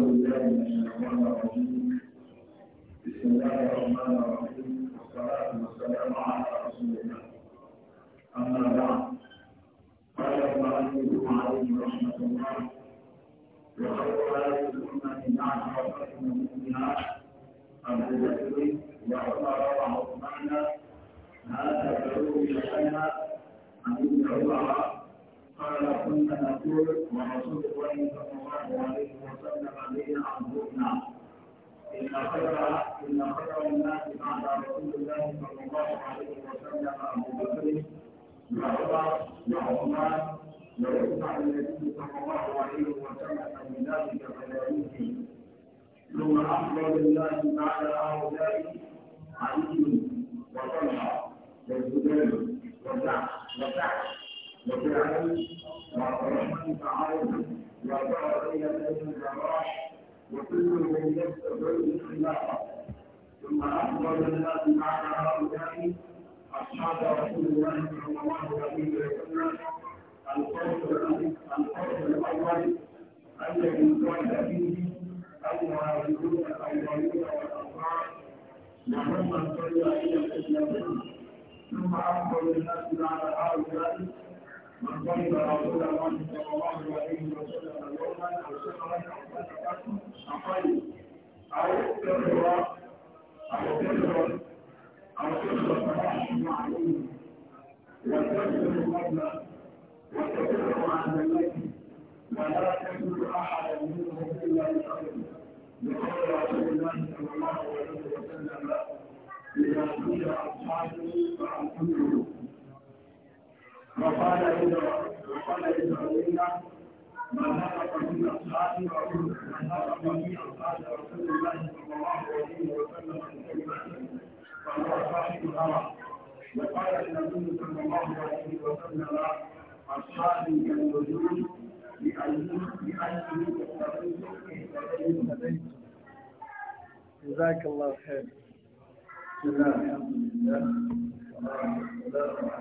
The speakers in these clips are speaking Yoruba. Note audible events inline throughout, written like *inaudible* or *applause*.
بالله من الشيطان الرجيم بسم الله الرحمن الرحيم والصلاة والسلام على رسول الله أما بعد قال المؤلف عليه رحمة الله وخير هذه الأمة بعد وفاة نبيها أبو بكر وعمر وعثمان هذا العلوم لنا عن ابن قال كنا نقول ورسول الله صلى الله عليه وسلم بين عبدنا إن خير إن خير الناس بعد رسول الله صلى الله عليه وسلم أبو بكر وعمر وعثمان ويسمع النبي صلى الله عليه وسلم من ذلك فيعيش ثم أخبر الله تعالى هؤلاء علي وطلحة والزبير وسعد وسعد وجعل رحمة تعالى وظهر إلى بيت الجراح وكل من يستقبل الخلافة ثم أخبر الناس بعد هؤلاء أصحاب رسول الله صلى الله عليه وسلم القول الأول الذي قال فيه المهاجرون الأولون والأنصار ثم أخبر الناس بعد هؤلاء وقال رسول الله صلى الله عليه وسلم يوما او سفرا او سفرا اقل او سفرا او سفرا او سفرا فراش معلوم وتكفر قبله وتكفر عن الميت ولا تكفر احدا منهم الا بخير لقول رسول الله صلى الله عليه وسلم اذا كنت اصحابي فاعتمروا وقال وقال إبراهيم ما نطق من أصحاب ما نطق من أصحاب رسول الله صلى الله عليه وسلم من كلمة فهو صاحب الهوى وقال النبي صلى الله عليه وسلم أصحابي كالوجود بأيدي بأيدي جزاك الله خير بسم الله الحمد لله والصلاة والسلام على رسول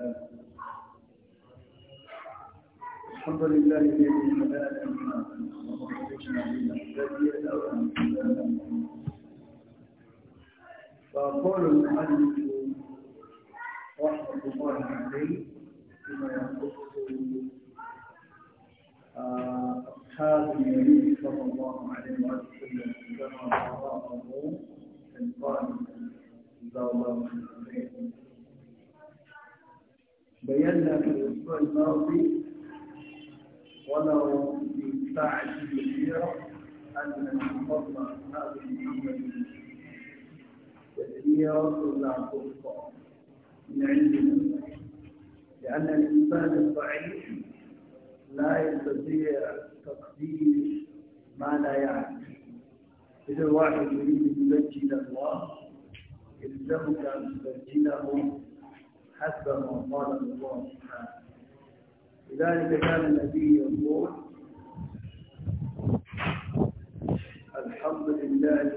الله الحمد لله الذي هدانا لما فقول المؤلف رحمة الله عليه فيما يخص أصحاب النبي صلى الله عليه وسلم كما أعطاه من قال جزاه الله خيرا بينا في الأسبوع الماضي ولو بعد كثيرا أن نحفظ هذه الأمة كثيرة لا تحصى من عند لأن الإنسان الضعيف لا يستطيع تقديم ما لا يعرف إذا واحد يريد أن يسجل الله يلزمك أن تسجله حسب ما قاله الله سبحانه لذلك كان النبي يقول الحمد لله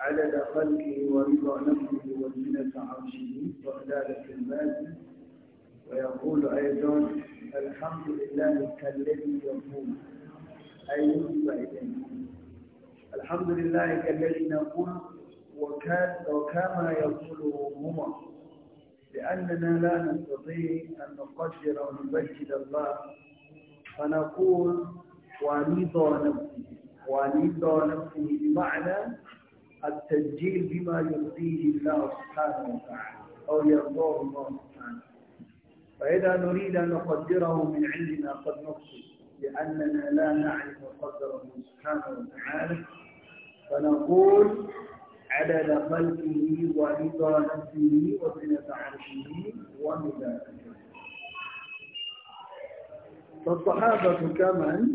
عدد خلقه ورضا نفسه وزنة عرشه وعدالة المال ويقول أيضا الحمد لله كالذي يقول أي يصبح الحمد لله كالذي نقول وكما يقوله هما لأننا لا نستطيع أن نقدر ونبجل الله فنقول وانيض نفسه وانيض نفسه بمعنى التسجيل بما يرضيه الله سبحانه وتعالى أو يرضاه الله سبحانه فإذا نريد أن نقدره من عندنا قد نقصد لأننا لا نعرف قدره سبحانه وتعالى فنقول عدد خلقه ورضا نفسه وزنة عرشه ومداد فالصحابة كمن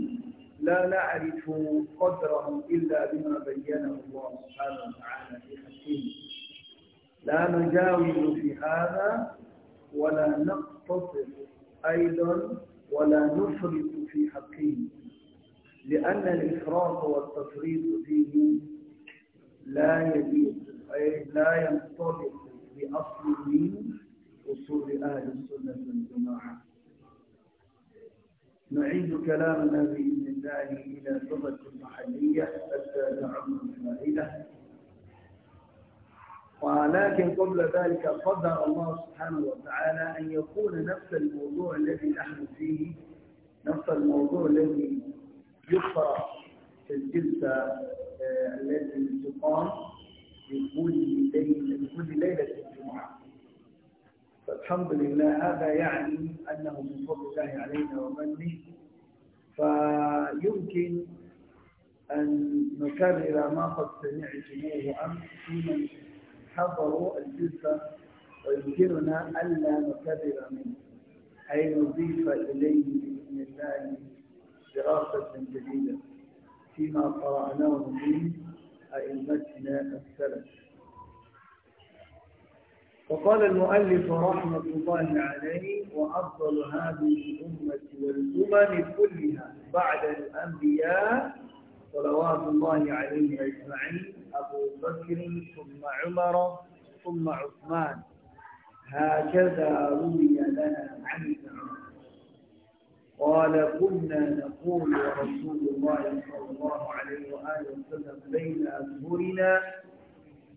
لا نعرف قدرهم إلا بما بينه الله سبحانه وتعالى في حكيم لا نجاوز في هذا ولا نقتصر أيضا ولا نفرط في حقهم لأن الإفراط والتفريط فيه لا يليق لا ينطبق بأصل من أصول أهل السنة والجماعة نعيد كلامنا بإذن الله إلى لغة محلية حتى نعم الفائدة ولكن قبل ذلك قدر الله سبحانه وتعالى أن يكون نفس الموضوع الذي نحن فيه نفس الموضوع الذي يقرأ الجلسة آه، التي تقام لكل ليلة الجمعة فالحمد لله هذا يعني أنه من فضل الله علينا ومنه فيمكن أن نكرر ما قد سمعتموه أمس في من حضروا الجلسة ويمكننا ألا نكرر منه أي نضيف إليه بإذن الله دراسة جديدة فيما قرأناه من أئمتنا السلف وقال المؤلف رحمة الله عليه وأفضل هذه الأمة والأمم كلها بعد الأنبياء صلوات الله عليه أجمعين أبو بكر ثم عمر ثم عثمان هكذا روي لنا عن ابن عمر قال كنا نقول ورسول الله صلى الله عليه وآله وسلم بين أزهرنا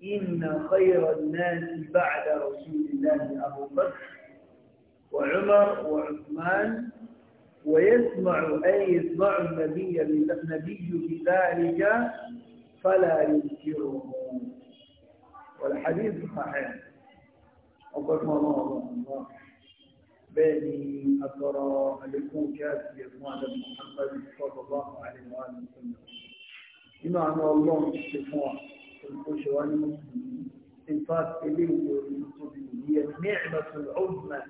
إن خير الناس بعد رسول الله أبو بكر وعمر وعثمان ويسمع أي يسمع النبي النبي بذلك فلا ينكره والحديث صحيح أبو الله الله بني أثر لكم كافية معنى محمد صلى الله عليه وآله وسلم إما أن الله الشفاء الخش والمسلمين انفاق إليه هي النعمة العظمى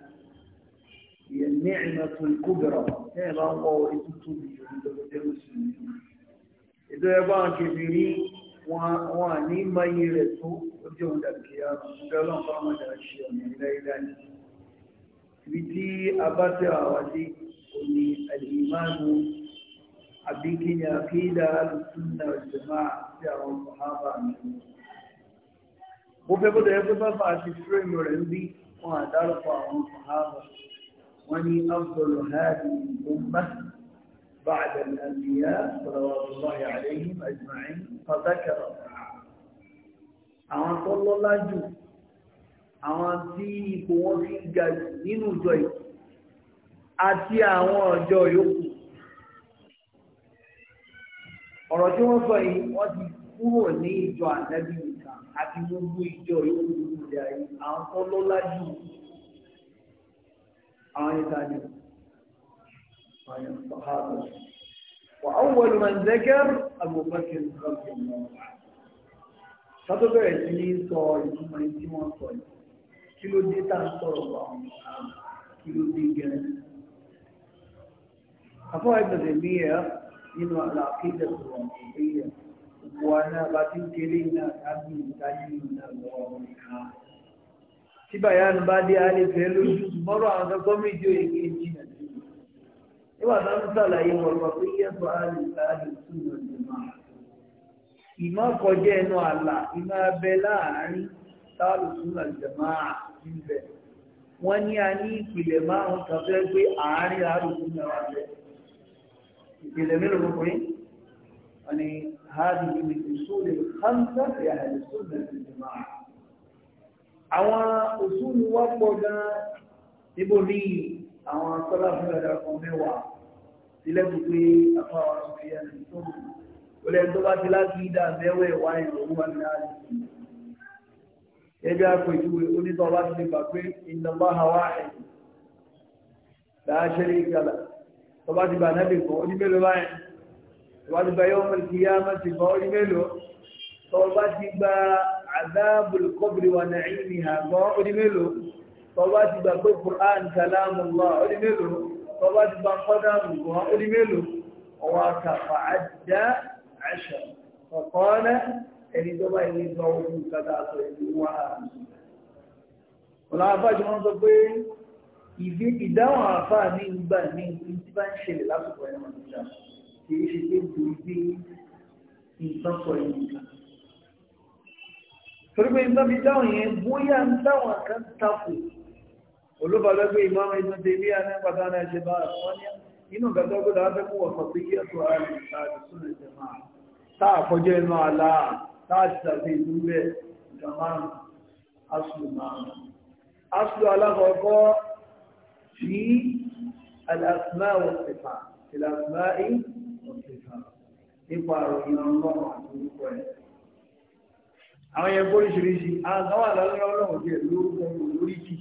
هي النعمة الكبرى نعمة إيه الله والمسلمين المسلمين إذا يبقى كبيرين وأني ما يرسو وجهد الكيام قال الله فرمد الشيء من إلى إلهي ويتي أباتر وزي وني الإيمان أبيكين يا قيدة السنة والجماعة يا الصحابة وبيبو ده يبقى بابا تشتري مرنبي وعدالفة الصحابة واني أفضل هذه الأمة بعد الأنبياء صلوات الله عليهم أجمعين فذكر الصحابة أعطى الله جوز àwọn tí ipò wọn fi ga jù nínú ìjọ yìí àti àwọn ọjọ́ yòókù ọ̀rọ̀ tí wọ́n sọ yìí wọ́n ti kúrò ní ìjọ ànábì nìkan àti gbogbo ìjọ yòókù nínú ìjọ yìí àwọn tó lọ́lá jù àwọn ìta ni وأول من ذكر أبو بكر رضي الله عنه. هذا بعد من صار من سمع صار kí ló dé tá à ń sọ̀rọ̀ bọ̀ kí ló dé gẹ́rẹ́. àfọwọ́ ìbẹ̀rẹ̀ mi ẹ̀ nínú àlàkéjẹ̀ sọ̀rọ̀ ìpínlẹ̀ gbogbo wa náà bá ti ń kéré náà tábí ìdájí ìlànà ọ̀rọ̀ nìkan. tí bàyánu bá dé alẹ́ fẹ́ lójú mọ́rọ̀ àwọn tó gbọ́ méjì òye kí n jìnà sí i. ń sàlàyé wọn lọ pé yẹ́sọ̀ alẹ́ ìmọ̀ kọjá ẹnu àlà ìmọ̀ abẹ láàárín tálùsúnà jẹ̀máà ń bẹ̀. wọ́n ní a ní ìpìlẹ̀ márùn-ún kan fẹ́ gbé àárín àrùsúnà wà bẹ̀. ìpìlẹ̀ mélòó pé wọ́n ní hádì ní ìṣúlẹ̀ hamsa ẹ̀yà àrùsúnà jẹ̀máà. àwọn òṣùlù wá pọ̀ gan-an níbo ní àwọn akọ́lá fún ẹ̀dá kan mẹ́wàá sílẹ̀ tó pé àfọwọ́ àwọn ọ̀sẹ̀ yẹn tó lẹ́nu tó bá ti láti dá mẹ́wẹ̀ẹ́wá ìrọ̀rùn wà ní àdìsí ẹgbẹ́ àpèjúwe onítọ̀ bá ti lè gbà pé ìnàmbá hawa ẹ̀yìn láàṣẹ́lẹ̀ ìgbàlá tó bá ti bà náà lè kọ́ onímẹ́lò báyìí tó bá ti bá yọ́ ọmọ ìkìyà má ti kọ́ onímẹ́lò tó bá ti gba àdáàbòlù kọ́bìrì wà náà ìní àgbọ́ onímẹ́lò tó bá ti gbà pé Qur'an kalamullah onímẹ́lò tó bá ti gba kọ́dà gbọ́ onímẹ́lò ọwọ́ àkàfà àdá àṣà ọ̀kọ́ọ́lẹ́ ẹni tó bá ilé gba ogun kàtà àtọ̀ ìlú wà áàmì ọ̀la afáàjọ wọn sọ pé ìdí ìdáhùn àfáà ní ìgbà ní ìpín tí bá ń ṣẹlẹ̀ lásìkò ẹ̀rọ ìjà kì í ṣe pé torí pé nǹkan sọ yìí nìkan torí pé nǹkan fi dáhùn yẹn bóyá ń dáhùn kan takò olóbalẹ́gbẹ́ ìmáàmù ìdún délé àná pàtàkì náà ṣe bá wọn ní inú gàdá gbọdọ̀ afẹ́kù wọ̀sán pé yẹ́tọ̀ àrùn àdìsúnlẹ̀ jẹ̀ máa tá àkọjọ́ ẹnu àlàá láti tàbí ìdúrẹ́ ìgbà márùn-ún aṣù márùn-ún aṣù alákọ̀ọ́kọ́ fi alàsìmá òṣèfà ìlàsìmá òṣèfà nípa àròyìn ọlọ́run àti orúkọ ẹ̀ àwọn yẹn bóríṣiríṣi àwọn àlọ́lọ́rọ̀ ọlọ́run jẹ́ lórúkọ lórí kì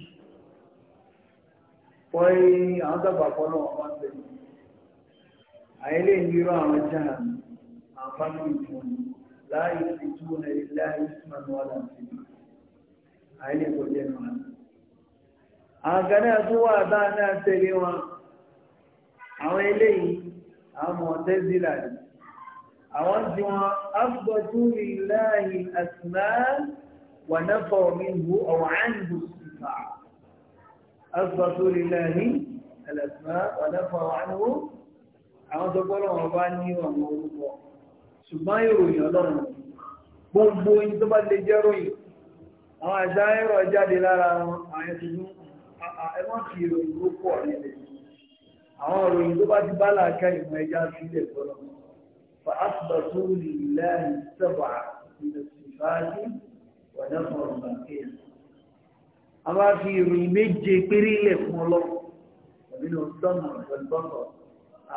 pọ́ àwọn dàgbà pọ́ náà wọ́n máa ń tẹ̀lé àyẹ́lẹ́ ìlú àwọn jáàmù àwọn fámìlì لا يثبتون لله اسما ولا صفه àìlè kò jẹ́ nù wọn. àgàdà tó wà bá náà tẹ̀lé wọn àwọn eléyìí àwọn mọ̀tẹ́sílà ni àwọn tí wọn afọ́jú lillahi asma wà náfọ̀ minhu ọ̀wọ̀ àǹdù sífà afọ́jú lillahi asma wà náfọ̀ àǹdù àwọn tó gbọ́dọ̀ wọn bá ní ọ̀nà orúkọ ṣùgbọ́n ìròyìn ọlọ́run gbogbo yìí tó bá lè jẹ́ ròyìn àwọn àṣà ẹ̀rọ jáde lára wọn àwọn ìṣẹ́jú ẹ̀wọ̀n ti ìròyìn tó pọ̀ nílẹ̀ àwọn ìròyìn tó bá ti bá làákà ìmọ̀ ẹja sílẹ̀ gbọ́dọ̀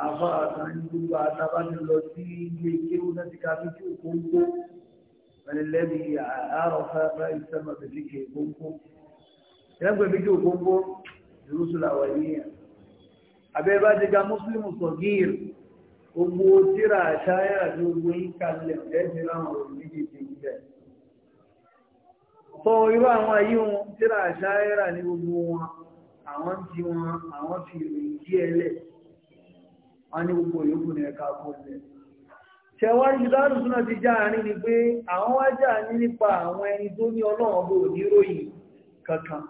àfa àtàní gbogbo àtàbá ti lọ sí ilé kéwú náà ti ka fi tú kóńkó ẹlẹ́bi àárọ̀ fẹ́fẹ́ ìsẹ́mà bèbí ké kóńkó ẹlẹ́gbẹ̀ẹ́ bí ké kóńkó ìrúsùlà wà níyà abẹ́ bá ti ka mùsùlùmù sọ̀gíìrì gbogbo tíra àṣáyà tó gbé kalẹ̀ ẹ̀ẹ́dì láwọn ọ̀rọ̀ méjì ti ń bẹ̀. sọ irú àwọn ayé wọn tíra àṣáyà ní gbogbo wọn àwọn ti wọn àwọn fi ìròyìn díẹ̀ lẹ̀ wọ́n ní gbogbo yòókù ní ẹ̀ka kó lẹ̀. ṣẹ̀wárí ti já àárín ni pé àwọn wá jà ní nípa àwọn ẹni tó ní ọlọ́ọ̀bọ̀ níròyìn kankan.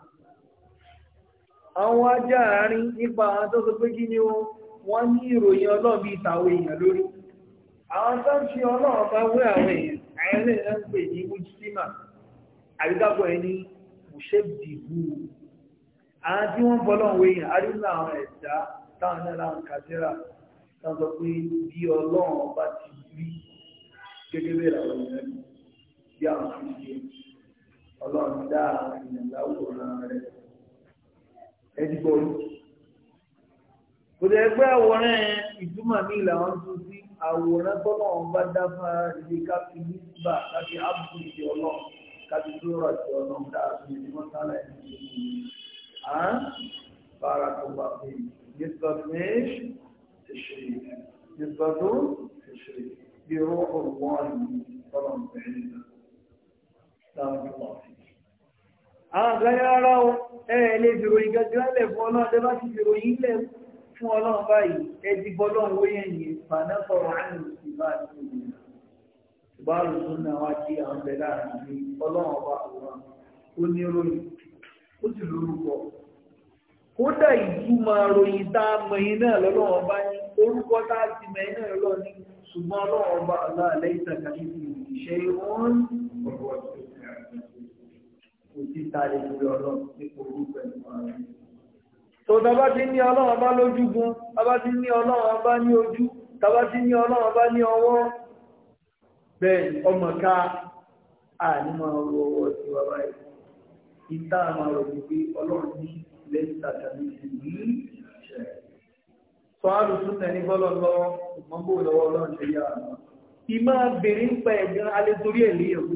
àwọn wá jà àárín nípa àwọn tó sọ pé kí ni wọ́n ní ìròyìn èèyàn lórí. àwọn tó ń fi wé àwọn èèyàn ń pè ní àwọn tí wọ́n bọ́ lọ́wọ́ èèyàn àwọn ẹ̀dá táwọn sọ pé bí ọlọ́run ọba ti rí gẹ́gẹ́ bí ìràwọ̀ ìrìn bí àwọn fi ṣe ọlọ́run dá àwọn èèyàn láwòrán rẹ̀ ẹni gbọ́ yìí. kò dẹ̀ pé àwòrán ìtumọ̀ mi làwọn ń tún sí àwòrán tọ́lọ̀ wọn bá dá fún nígbà ká ábùkù ìṣe ọlọ́run ká tó rọ̀ ìṣe ọlọ́run dá àwọn wọn sára ẹ̀ ní ìṣe bára tó bá fi ní عشرين نسبة عشرين بروح الله طبعا بعيدا بارك الله فيك àgbà yára ọ ẹ lè fìròyìn gẹ́gẹ́ lẹ̀ fún ọlọ́run tẹ́ bá ti fìròyìn lẹ̀ fún ọlọ́run báyìí ẹ ti bọ́lọ́run wó yẹn yìí fàánà sọ̀rọ̀ àrùn sí bá a ti rìn bá a lùsùn náà wá kí àwọn bẹ̀rẹ̀ àrùn sí ọlọ́run ọba àwọn oníròyìn ó sì lórúkọ kódà ìtumọ̀ ròyìn tá a mọ̀ iná lọ́lọ́wọ́ bá ní orúkọ tá a ti mọ̀ iná ní ṣùgbọ́n ọlọ́wọ́ bá aláàlẹ́ ìtàkàtì ìṣe ìwọ̀n tó tàbá ti ní bá ti ní bá ní ojú ti ní bá ní ọwọ́ bẹ́ẹ̀ ọmọ ká àní máa lẹ́yìn tàbí ìlú ṣẹ̀. sọ àlùsùn náà ní bọ́lọ̀ lọ́wọ́ ṣùgbọ́n bò lọ́wọ́ ọlọ́run ṣe yá àná. ìmọ̀ bèrè ń pa ẹ̀gbọ́n alẹ́ torí ẹ̀ lé ọmọ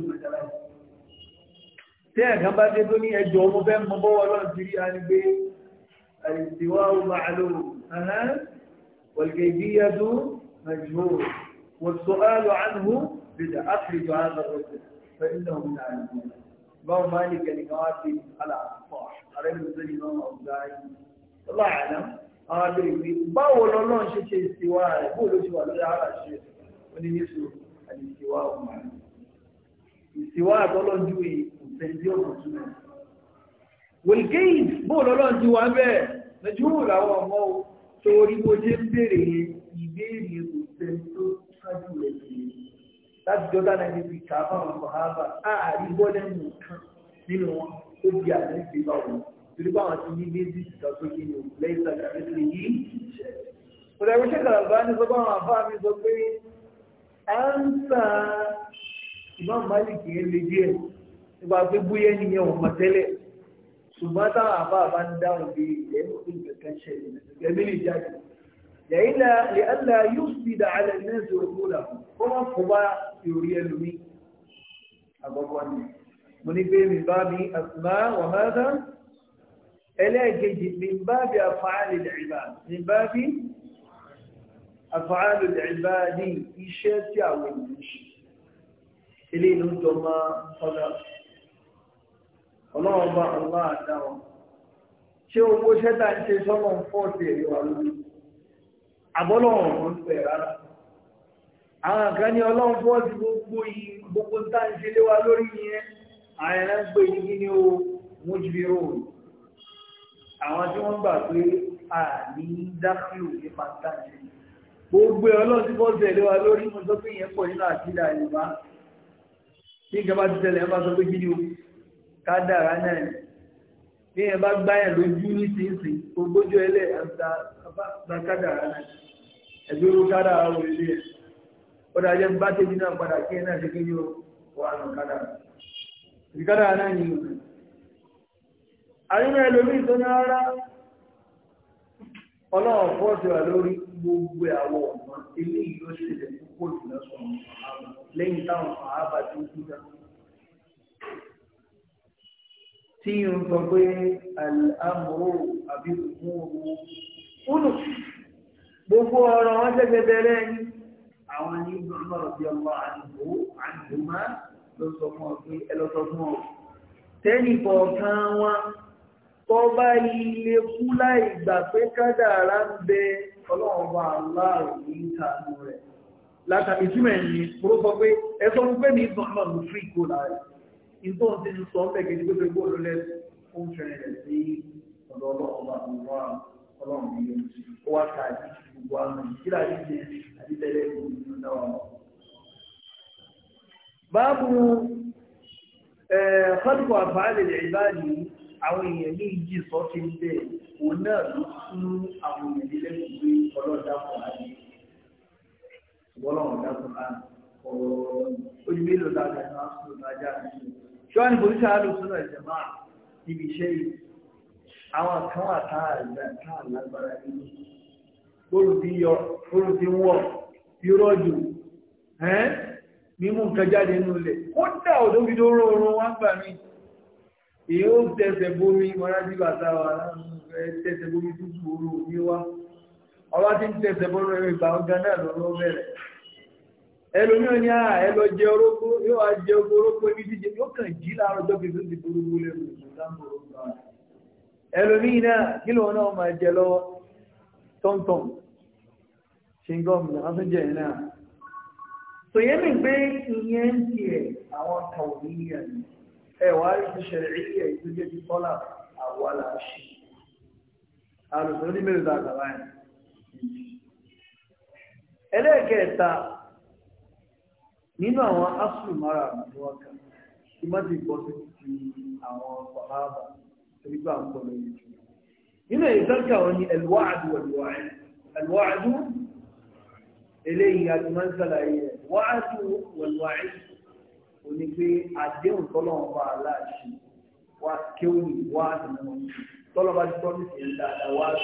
fẹ́ mọ bọ́wọ́ ọlọ́run ti rí anígbé àìsíwá màálù والكيفية مجهول والسؤال عنه بدأ أخرج هذا الرجل فإنه من Imam Malik ẹnìkan wá sí àlàpọ̀ àrẹ́bìnrin náà ọ̀gá yìí. Lọ́lá àná, àwọn abẹ́ ìwé, báwo lọ́nà ṣe ṣe ìsìnwá rẹ̀, bóò ló ṣe wà lórí ara ṣe oníyíṣu àti ìsìnwá ọmọ rẹ̀. Ìsìnwá àtọ́lọ́jú yìí kò fẹ́ sí ọ̀nà tún. Wòlgéyìn bóò lọ́lọ́jú wa bẹ́ẹ̀, lẹ́jọ́ làwọn ọmọ torí bó ṣe ń béèrè ìbéèrè kò fẹ́ tó ṣáájú rẹ̀ láti jọ́dá nàìjíríà fi kà fáwọn sọ̀hábà ààrí bọ́lẹ̀ nìkan nínú wọn ó di àdéhùn ìgbà wọn torí báwọn ti ní méjì ìgbà tó kí ni ò lẹ́yìn ìgbà tó kí ni yìí ṣẹ̀. Òdà ìwé ṣe kàlàbà ní sọ báwọn mi sọ pé à ń sa ìmáàmù Malik yẹn lè díẹ̀ nípa pé bóyá nìyẹn ò mọ̀ tẹ́lẹ̀ ṣùgbọ́n táwọn àfá àbá ń dáhùn bí ẹ̀mí ìgbà kan ṣẹlẹ̀ ẹ̀mí lè jáde. لئلا يفسد على الناس عقولهم kọ́mọ̀ kó bá ìròrí ẹlòmí àgbọ̀gbọ̀ ni mo ní pé mi bá mi àtúmá wàhálà ẹlẹ́ẹ̀kejì mi bá bí àfààlì ìdàgbà mi bá bí àfààlì ìdàgbà ní iṣẹ́ tí àwọn ènìyàn ṣe ilé inú jọ máa sọ́dá ọlọ́run bá ọlọ́run àdáwọn ṣé owó ṣẹ́ta ń ṣe sọ́mọ̀ fọ́ọ̀tì ẹ̀yọ́ àlùmí àbọ́lọ́run ló bẹ̀ rárá àwọn kan ní ọlọ́run fọ́ sí gbogbo yìí gbogbo tá ń ṣe léwa lórí yẹn àìrẹ́ ń pè ní kíní o mójúbí o àwọn tí wọ́n gbà pé a ní dákìlù nípa tá ń ṣe gbogbo ọlọ́run tí fọ́ sí léwa lórí mo sọ pé yẹn pọ̀ nínú àtìlá Yorùbá tí ìjọba ti tẹ̀lé ẹ bá sọ pé kíní o ká dára náà ni bí ẹ bá gbáyà lójú nísinsìnyí gbogbo ọjọ́ ẹlẹ́ àgbà kádàrá náà ẹgbẹ́ owó kádà àwọn ilé ẹ̀ ó dájẹ́ bá tèmi náà padà kí ẹ náà ṣe kéjì ó wà nù kádà ìdí kádà náà ni àyínà ẹlòmíì tó ní ara ọlọ́run fọ́ ti wà lórí gbogbo àwọn ọ̀nà ilé yìí ló ṣe púpọ̀ jù lẹ́yìn táwọn àábà tó kú dá tí ń sọ pé àmúrò àbí òmùrò ó gbogbo ọ̀rọ̀ wọn ṣẹ̀ṣẹ̀ bẹ̀rẹ̀ ni àwọn ní ọlọ́rọ̀ bí ọmọ àdìgbò àdìgbòmá ló sọ fún ọ pé ẹ lọ sọ fún ọ tẹ́nì kọ̀ọ̀kan wọn tó bá ilé kú láì gbà pé kádàrá ń bẹ ọlọ́run bá aláàrùn ní ìtànú rẹ̀ látàrí ìtumẹ̀ ní orúkọ pé ẹ sọ fún pé mi ìtàn náà ló fi ìkó láàrẹ̀ ìtàn ti sọ ọ́ bẹ́ẹ̀ gẹ́gẹ́ pé gbogbo olólẹ́ ọlọ́run ní yóò ó wá ka àdìsí gbogbo àwọn ìdílé àdìsí àdìsẹ́lẹ̀ gbogbo náà wà. báàbù kọ́dùkọ̀ àfàálẹ̀ ìbáàdì àwọn èèyàn ní ìjì sọ ti ń bẹ̀ àwọn kan wà táà lágbára nínú olùdíyọ olùdíwọ̀ ìrọ́jù ẹ́n mímú nǹkan jáde nínú ilẹ̀ ó dá ọ̀dọ́ bí lóró oorun wá gbà mí èyí ó tẹ̀sẹ̀ bómi mọ́ra sí bàtà wà tẹ̀sẹ̀ bómi tútù oró ní wá ọba tí ń tẹ̀sẹ̀ bómi rẹ̀ ìgbà ọ̀gá náà lọ́wọ́ bẹ̀rẹ̀ ẹlòmíràn ni à ah, ẹ lọ jẹ orógbó yóò wá jẹ orógbó ní jíjẹ yóò kàn jí láàárọ̀ tó fi tó ti borógbó lẹ́nu ìgbà náà ẹlòmíì náà kí lòun náà máa jẹ lọ́wọ́ tọ́ntọ́n ṣingọ́m náà so jẹ náà tó yẹ mi pé ìyẹn ń ẹwà ti ṣe àlùsọ ní mẹ́rin tó àgbà báyìí ẹlẹ́ẹ̀kẹta nínú àwọn asùnmára àbúrò ọkà tí ti ti rígbà ń pọ̀ lórí jù nínú ìtọ́jà wọn ni alwa'd wal-wa'id alwa'd eléyìí àti máa ń sàlàyé rẹ̀ wa'd wal-wa'id ò ní pé àdéhùn tọ́lọ́wọ́n bá aláàṣì wá kéwù ní wa'd wọn tọ́lọ́wọ́n bá ti promise yẹn dáadáa wa'd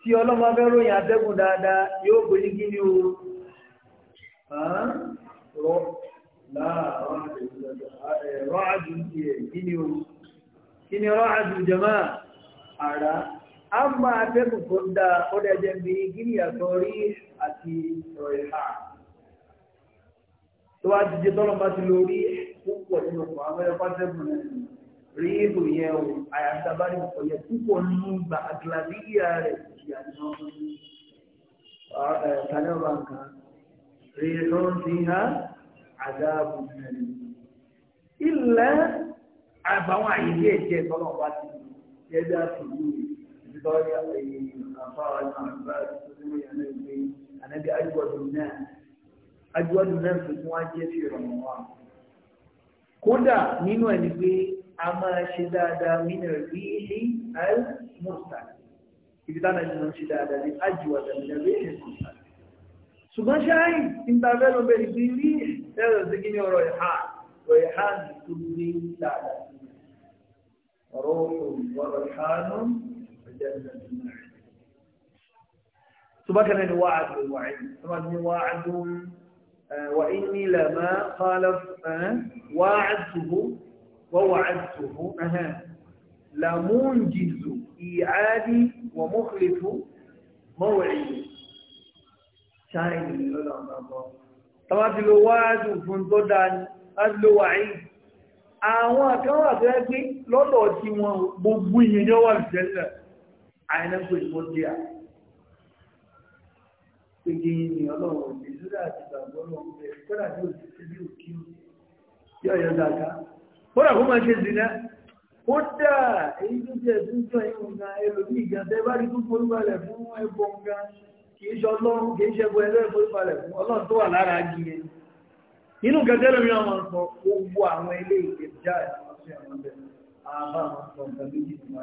tí ọlọ́mọ abẹ́ ròyìn atẹ́gùn dáadáa yóò gbé ní kí ni ráàdù kíni ráàdù jama ara a máa tẹ́kù kó dá ọdẹ jẹ́ bí kíni àtọ́ rí àti rọ̀ìhà tó wá ti jẹ́ tọ́lọ̀ bá ti lò rí púpọ̀ nínú ọkọ̀ amẹ́rẹ́ pátẹ́kùn rí ìbò yẹn o àyàtàbárí ọkọ̀ yẹn púpọ̀ nínú gbà àgbàlíyà rẹ̀ ìyá ni wọ́n fún mi. Tani ọba nǹkan rí ìrọ́n ti hàn àdáàbò mẹ́rin ilẹ̀ àbáwọn àyíké ẹ̀jẹ̀ tọ́lọ̀ bá ti ẹ̀dá tòlú ìdílọ́yà ẹ̀yìn àfáà náà bá tòlú yẹn náà gbé ànábi àjùwọ̀dù náà àjùwọ̀dù náà tuntun wá jẹ́ fi ràn wá. kódà nínú ẹni pé a máa ṣe dáadáa nínú rí ilé al mùsà ibi táwọn ẹni máa ṣe dáadáa ní àjùwọ̀dù náà rí ilé mùsà. ṣùgbọ́n ṣáà ń ta fẹ́ lọ bẹ̀rẹ̀ sí lẹ́yìn sí kí ni ọ̀rọ̀ ìhà ọ̀rọ̀ ìhà ní tó gbé dáadáa ọ̀rọ̀ ọ̀rọ̀ ìhà nù ọ̀jẹ̀ ìjọba سبحان الوعد والوعيد سبحان الوعد وإني لما خالف وعدته ووعدته أها لمنجز إيعادي ومخلف موعدي شاهد لله tàbá ti lo wáájú fún tó dáa ní láti lo wà ní àwọn àkánwà tó yẹ pé lọ́dọ̀ tí wọn gbogbo ìyẹn wà lùsẹ́lẹ̀ àìlẹ́kùn ìmọ̀díà pèjì ní ọlọ́run èyí tó jẹ́ ẹ̀sùn jọ ìwọ̀n ga ẹlòmíì bá rí tó polúbalẹ̀ fún ẹbọn ga kì í ṣe ọlọ́run kì í ṣe ẹgbẹ́ ẹgbẹ́ ìforíbalẹ̀ fún ọlọ́run tó wà lára jí yẹn inú gẹ́gẹ́ lómi wọn máa ń sọ owó àwọn ilé ìgbé já ìfọ̀sọ́ ẹ̀wọ̀n bẹ̀rẹ̀ àbá máa sọ nǹkan méjì ó ṣe wà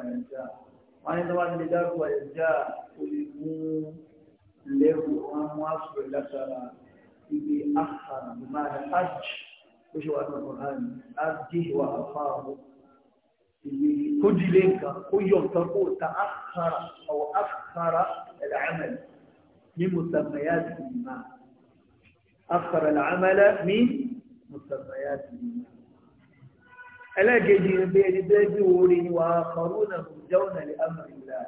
kó ta àṣàrà ọ̀ àṣàrà ẹ̀dá àmẹ́lẹ̀ من مسميات الإيمان أخر العمل من مسميات الإيمان ألا جدير بين دابور وآخرون مرجون لأمر الله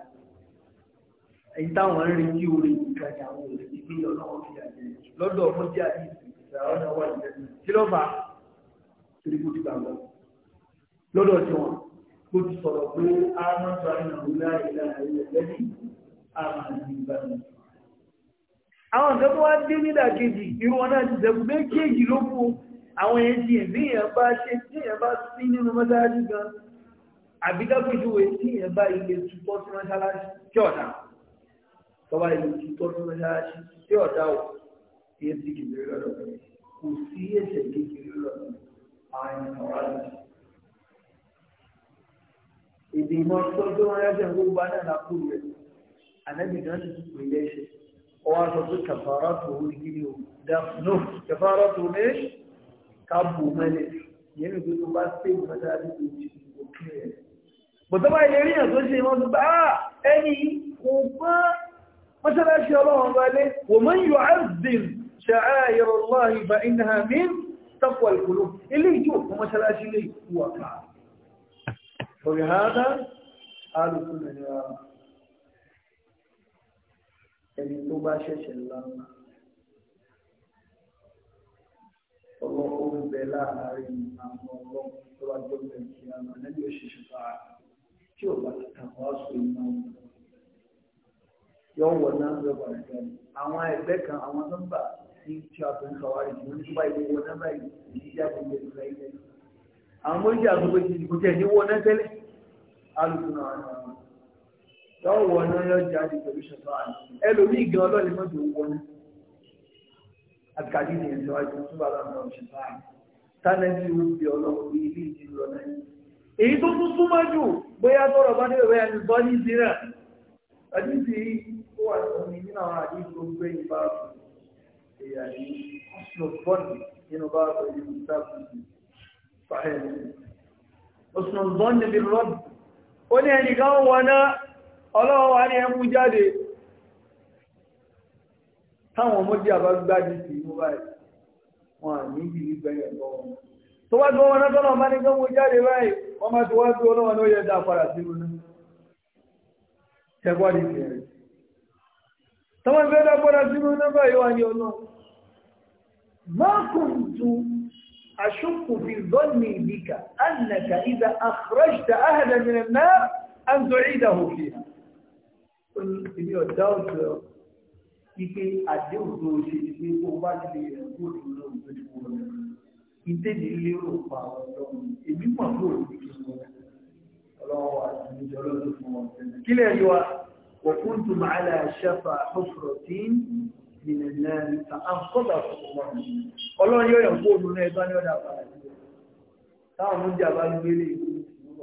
أي تاوان رجيوري كجاور يبي الله في أجل لدو مجا ìsàwọn ọwọ́ ìjẹni tí ló bá torí kó ti gbàgbọ́ lọ́dọ̀ tí wọn kó ti sọ̀rọ̀ pé a máa ń sọ àyìnbó láìláì ẹlẹ́ni a máa ń gbàgbọ́ àwọn nǹkan tó wá dé nídàkejì irú wọn náà ti sẹ́kù méjèèjì ló kú àwọn èyí ìbí èèyàn bá ṣe tí èèyàn bá sí nínú mọ́sálásí gan àbídápéjúwe tí èèyàn bá ilé tutọ́ sí mọ́sálásí tí ọ̀dà tọ́ba ilé tutọ́ sí mọ́sálásí tí ọ̀dà ò tí èsì kìbìrì lọ́dọ̀ kò sí ẹ̀sẹ̀ kékeré lọ́dọ̀ àwọn ọ̀rọ̀ àti èdè ìmọ̀ tó tó wọn yá sẹ́yìn gbogbo adàlà kúrò rẹ̀ ànábìkan ti pèlè ẹ̀ṣẹ̀ wọ́n sọ pé kàfàrà tó orí gírí o dáfnú kàfàrà tó ní káàbù mẹ́lẹ̀ yẹ́nì tó tó bá pé ìmọ̀dá àdúgbò ti òkè rẹ̀ bọ̀tọ́ bá ilé ríyàn tó ṣe wọ́n tó bá ẹni kò bá mọ́ṣáláṣí ọlọ́run bá lé wọ́n mọ́ yọ àdìm ṣàáyọrọ̀ ẹni tó bá ṣẹ̀ṣẹ̀ lánàá ọlọ́kọ́ ń bẹ láàárín àwọn ọlọ́run tó bá jọ bẹ̀rẹ̀ sí àwọn ẹni òṣìṣẹ́ bá tí ò bá ti tàbá sọ iná wọn yọ wọ náà ń rẹwà rẹ àwọn ẹgbẹ́ kan àwọn nọ́mbà tí tí a fi ń kàwárí tí wọ́n ti bá ìwé wọn náà báyìí ìdí jáde ní ìlú ilẹ̀ àwọn méjì àgbègbè ti ìbùkẹ́ ní wọn náà tẹ́lẹ̀ alùpùpù náà yóò wọ iná yóò jáde pẹ̀lú ṣètò àná ẹlòmíì gan ọlọ́ọ̀ni mọ́tò wọlé àtìkàdé ìdè ìjọ àjọ tó bá lọ́nà ṣètò àná tánẹ́tì ó bí ọlọ́run bí ilé ìdí lọ náà èyí tó tún súnmọ́ jù bóyá tọrọ bá dé bóyá ní bọ́ ní ìdíra àdìsí ó wà lọ́wọ́ mi nínú àwọn àdìsí tó ń gbé yìí bá fún èyí àní ọ̀ṣọ́ bọ́ọ̀lù nínú bá fún èyí mùsà fún mi fàáyẹ̀ mi ọ̀ṣọ́ bọ́ọ̀lù bí rọ́ọ̀bù ó ní ẹnìkan wọná ọlọ́wọ́ wa ní ẹmú jáde táwọn ọmọdé àbá gbájú sí inú báyìí wọn à ní ibi ìgbẹ̀yẹ̀ lọ wọn tó wá tó wọn náà tọ́nà ọmọdé tó mú jáde báyìí wọn máa tó wá tó ọlọ́wọ́ ní ó yẹ dá padà sí inú náà tẹ́gbọ́dì ní ọlọ́ ó ní èmi ọ̀dá ọ̀dọ́ wípé àdéhùn tó o ṣe pé kó o bá ti lè rẹ̀ kó o ti lọ òun lójú wọn lọ ìdéjì ilé rò pa àwọn ọlọ́run èmi mọ̀ pé òun ti sọ ọlọ́run wa àti ìjọ lọ́dún fún wọn tẹ́lẹ̀ kílẹ̀ yọ wa òkun tó máa la ṣẹ́fà ọ̀fọ̀rọ̀ tí nìyẹn náà ní ta àǹkọ́dà fún wọn ọlọ́run yóò yàn kó o nínú ẹgbẹ́ ní ọ̀dà padà táwọn oúnjẹ àbá gbélé ìlú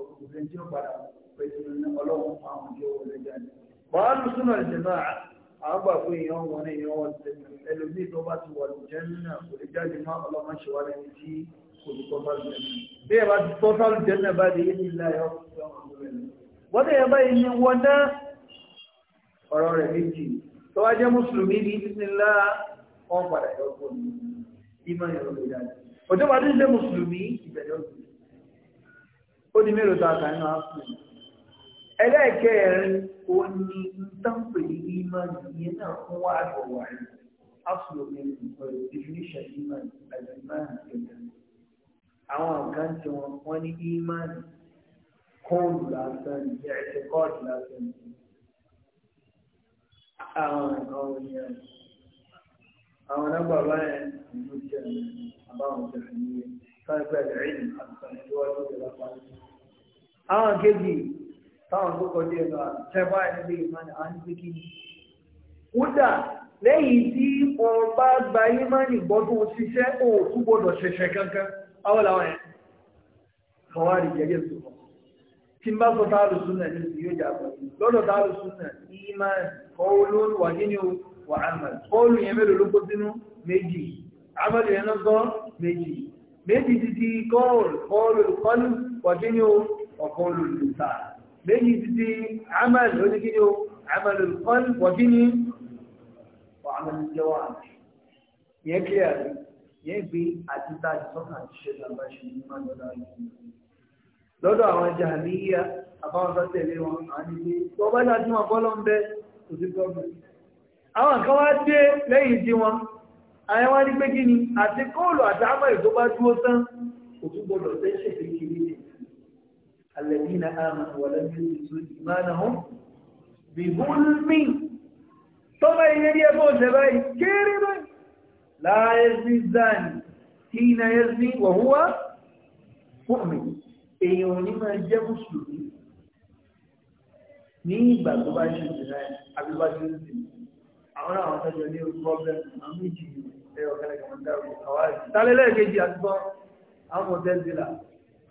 ọkùnrin tí ó padà pẹ̀lú ọlọ́run fún àwọn ìjọ wàhálù súnà ìjẹmáà àwọn gbà pé èèyàn wọn ní èèyàn wọn ti ẹlòmíì tó bá ti wà ní jẹ́nà kò lè jáde má ọlọ́mọ ṣe wà lẹ́ni tí kò lè tọ́ta lù jẹ́nà bí ẹ bá ti tọ́ta lù jẹ́nà bá lè yé ní ilá ẹ̀ wọ́n tẹ̀yẹ báyìí ní wọn ná ọ̀rọ̀ rẹ̀ méjì tó wá jẹ́ ẹlẹ́ẹ̀kẹrin ó ní ntánpè ní ìmánì ìyẹn náà fún wa àgbọ̀wà rẹ̀ absolute definition ìmánì àti ìmánì gẹ̀gẹ̀. àwọn nǹkan tí wọn wọn ní ìmánì kóòlù lásán ní ẹ̀ẹ́dẹ̀ kóòlù lásán ní. àwọn nǹkan wọn àwọn nọ́mbà báyẹn ló jẹ́ àbáwọn jẹ́ àníyẹ sáyẹn pẹ̀lú ẹ̀yìn àti táwọn tó kọjú ẹ̀ lọ àtẹ́bá ẹ̀lẹ́ ìmọ̀ni à ń gbé kí ni. kódà lẹ́yìn tí wọ́n bá gba ìmọ̀ni gbọ́dún ṣiṣẹ́ òòtú gbọ́dọ̀ ṣẹ̀ṣẹ̀ kankan àwọn làwọn yẹn. kọ́wá rí jẹ́jẹ́ tó kọ́. tí n bá sọ táàlù súnà ní ìlú yóò jábọ̀ lọ́dọ̀ táàlù súnà ìmọ̀ni kọ́ọ̀lù wà nínú wà ámàlì. kọ́ọ̀lù yẹn mélòó ló kó sínú méjì ámàlì yẹn lọ́gọ́ méjì títí àmàlù ó ní kí ni ó àmàlù kọ́lù wọ́n kí ni àmàlù jẹ́wọ́ àti yẹn kí àrí yẹn gbé àti tá àti sọ́kà àti ṣe làbá ṣe ní má lọ́dọ̀ àwọn ènìyàn lọ́dọ̀ àwọn jàmíyà àbáwọn tó tẹ̀lé wọn àwọn ilé tó bá dá tí wọn bọ́ lọ́n bẹ́ kò sí gọ́ọ̀mù àwọn kan wá dé lẹ́yìn tí wọn àwọn wá ní pé kí ni àti kóòlù àti الذين آمنوا ولم يلبسوا إيمانهم بظلم طبعا يجري أبو زباي كرما لا يزني الزاني حين يزني وهو مؤمن أيون ما jẹ́ mùsùlùmí ní ìgbà tó bá ṣe jìnà àbíwájú sí àwọn àwọn tọ́jọ ní pọ́blẹ̀mù àwọn méjì ẹ̀rọ kẹlẹ̀kẹ̀ mọ́ dárò kàwárí tálẹ́lẹ́gẹ́jì àtúbọ̀ àwọn mọ̀tẹ́zìlà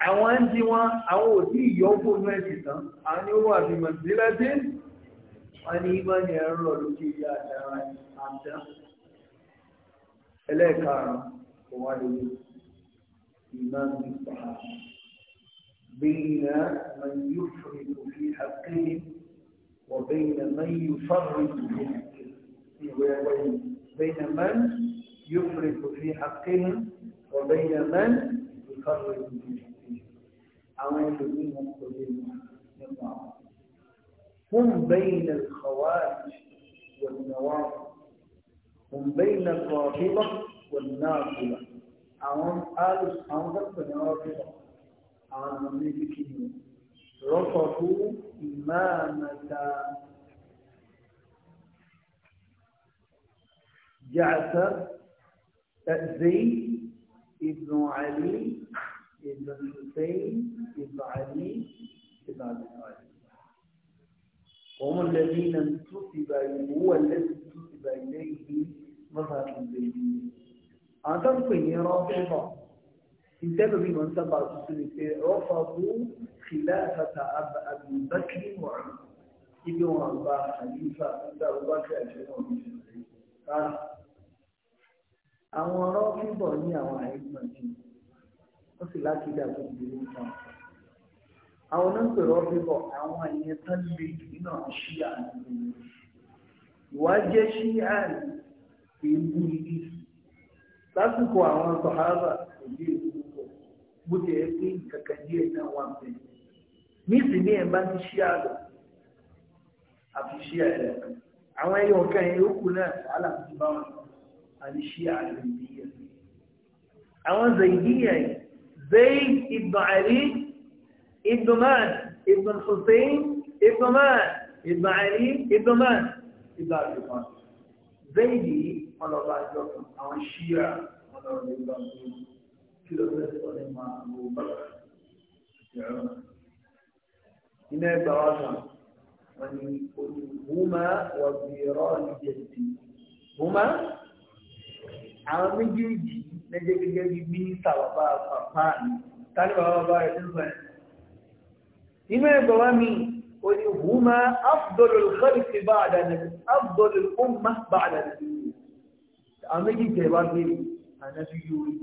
àwọn ń jí wọn àwọn òdí ìyọ́gbò mẹ́jì tán àwọn ni ó wà bí mọ̀sílẹ́dé wọ́n ni ibá ni ẹ̀rọ lókè ìyá àtàrà àjá ẹlẹ́ẹ̀kàrùn kò wá lórí ìmá ń bí pa bẹ́yìnà man yóò fòrè kò fi àkéyè wọ́n bẹ́yìnà man yóò fòrè kò fi àkéyè ìwé ẹgbẹ́ yìí bẹ́yìnà man yóò fòrè kò fi àkéyè wọ́n bẹ́yìnà man yóò fòrè kò fi àkéyè أعوذ منهم قدر المعارض هم بين الخوارج والنوارض هم بين الرافضة والنافلة أعوان آل الصحابة والنافضة أعوان مني بكينو رفضوا إمامة جعفر زيد ابن علي ابن الحسين ابن علي ابن عبد الطالب هم الذين انتسب هو الذي انتسب اليه مظهر البيتيه اعتقد ان رافضه بسبب من تبع السنه رفضوا خلافه ابي بكر وعمر ابن عمر خليفه ابو بكر الجنوبي àwọn ọ̀rọ̀ ní àwọn àìsàn jù wọ́n sì lákìdá tó ti dìbò nǹkan. àwọn onípèrè ọ́bíbọ̀ àwọn ìyẹn tán lè jù nínú àwọn ṣíà nínú ìwà jẹ́ ṣíà èébú ibi lásìkò àwọn sọ̀hábà òbí èébú pọ̀ bó ti ẹ̀ pé kàkà díẹ̀ náà wà bẹ́ẹ̀. nísìnyí ní ẹ̀ bá ti ṣíà lọ àfi ṣíà ẹ̀ àwọn ẹyọ ọ̀kan ẹ̀ yókù náà wàhálà ti bá wọn àti ṣíà ẹ̀ nìyẹn. àwọn zèyí yẹn زيد ابن علي ابن مان ابن حسين ابن مان ابن علي ابن مان ابن علي ابن مان زيدي على الله يرحم او الشيعة على الله يرحم كل الناس قال ما ابو بكر هنا دراجة من يعني هما وزيران جدي هما àwọn méjèèjì lẹ́jẹ́ gẹ́gẹ́ bí mínísítà bàbá bàbá mi tani bàbá bàbá rẹ̀ tó ń bẹ̀rẹ̀. inú ẹ̀gbọ́n wa mi ò ní huma afdolul khalqi ba'da nabi afdolul umma ba'da nabi àwọn méjèèjì ẹ̀ wá gbé ànábi yóò rí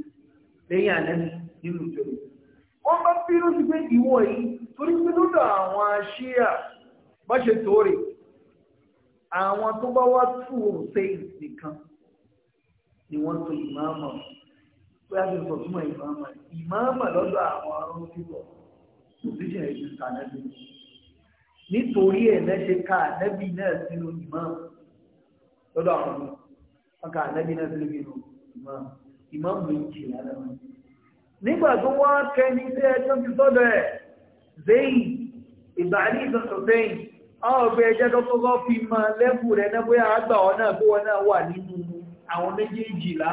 lẹ́yìn ànábi nínú ni wọ́n tó ìmáàmà bóyá bí nǹkan túmọ̀ ìmáàmà ìmáàmà lọ́dọ̀ àwọn arúgbó fífọ̀ òfíṣẹ́ ẹ̀ ti ń kà nẹ́bí nítorí ẹ̀ lẹ́ṣẹ̀ ká nẹ́bí náà sínú ìmáàmà lọ́dọ̀ àwọn ọmọ wọn ká nẹ́bí náà sínú ìmáàmà ìmáàmà ló ń jì lára wọn. nígbà tó wá kẹ́ni tí ẹ tó ti sọ́dọ̀ ẹ̀ zayn ìbàlí ìsọ̀tọ̀ zayn àwọn ọ̀gbẹ́ ẹjẹ́ tó kọ́kọ́ fi máa lẹ́bù rẹ̀ náà bóyá àgbà ọ̀ náà bó wọn náà wà àwọn méjèèjìlá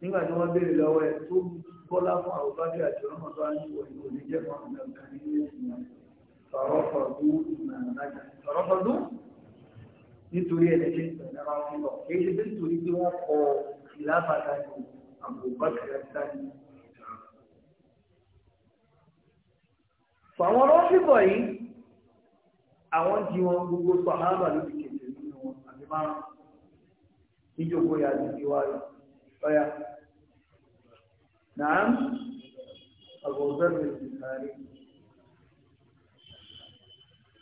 nígbà tí wọ́n béèrè lọ́wọ́ ẹ̀ tó bọ́lá fún àwọn bá bíi àti ọmọ tó ń wọ ìwò ní jẹ́ fún àwọn ọ̀gá ní ilé ìgbìmọ̀ sọ̀rọ̀fọ̀dú ìmọ̀ràn sọ̀rọ̀fọ̀dú nítorí ẹ̀ lẹ́sẹ̀ ìgbàlára wọn lọ èyí ṣe bí nítorí pé wọ́n kọ ìlàbàdà ní àbùbákẹ́rẹ́ sáyẹn. fàwọn rọ́fíbọ̀ yìí àwọn tí wọn gbogbo sọ̀hábà ló ti kẹ̀kẹ́ nínú àbí márùn-ún ìjókòó yà ní ìwárí ọ̀yà náà àbọ̀zẹ́rẹ̀ ìfàrí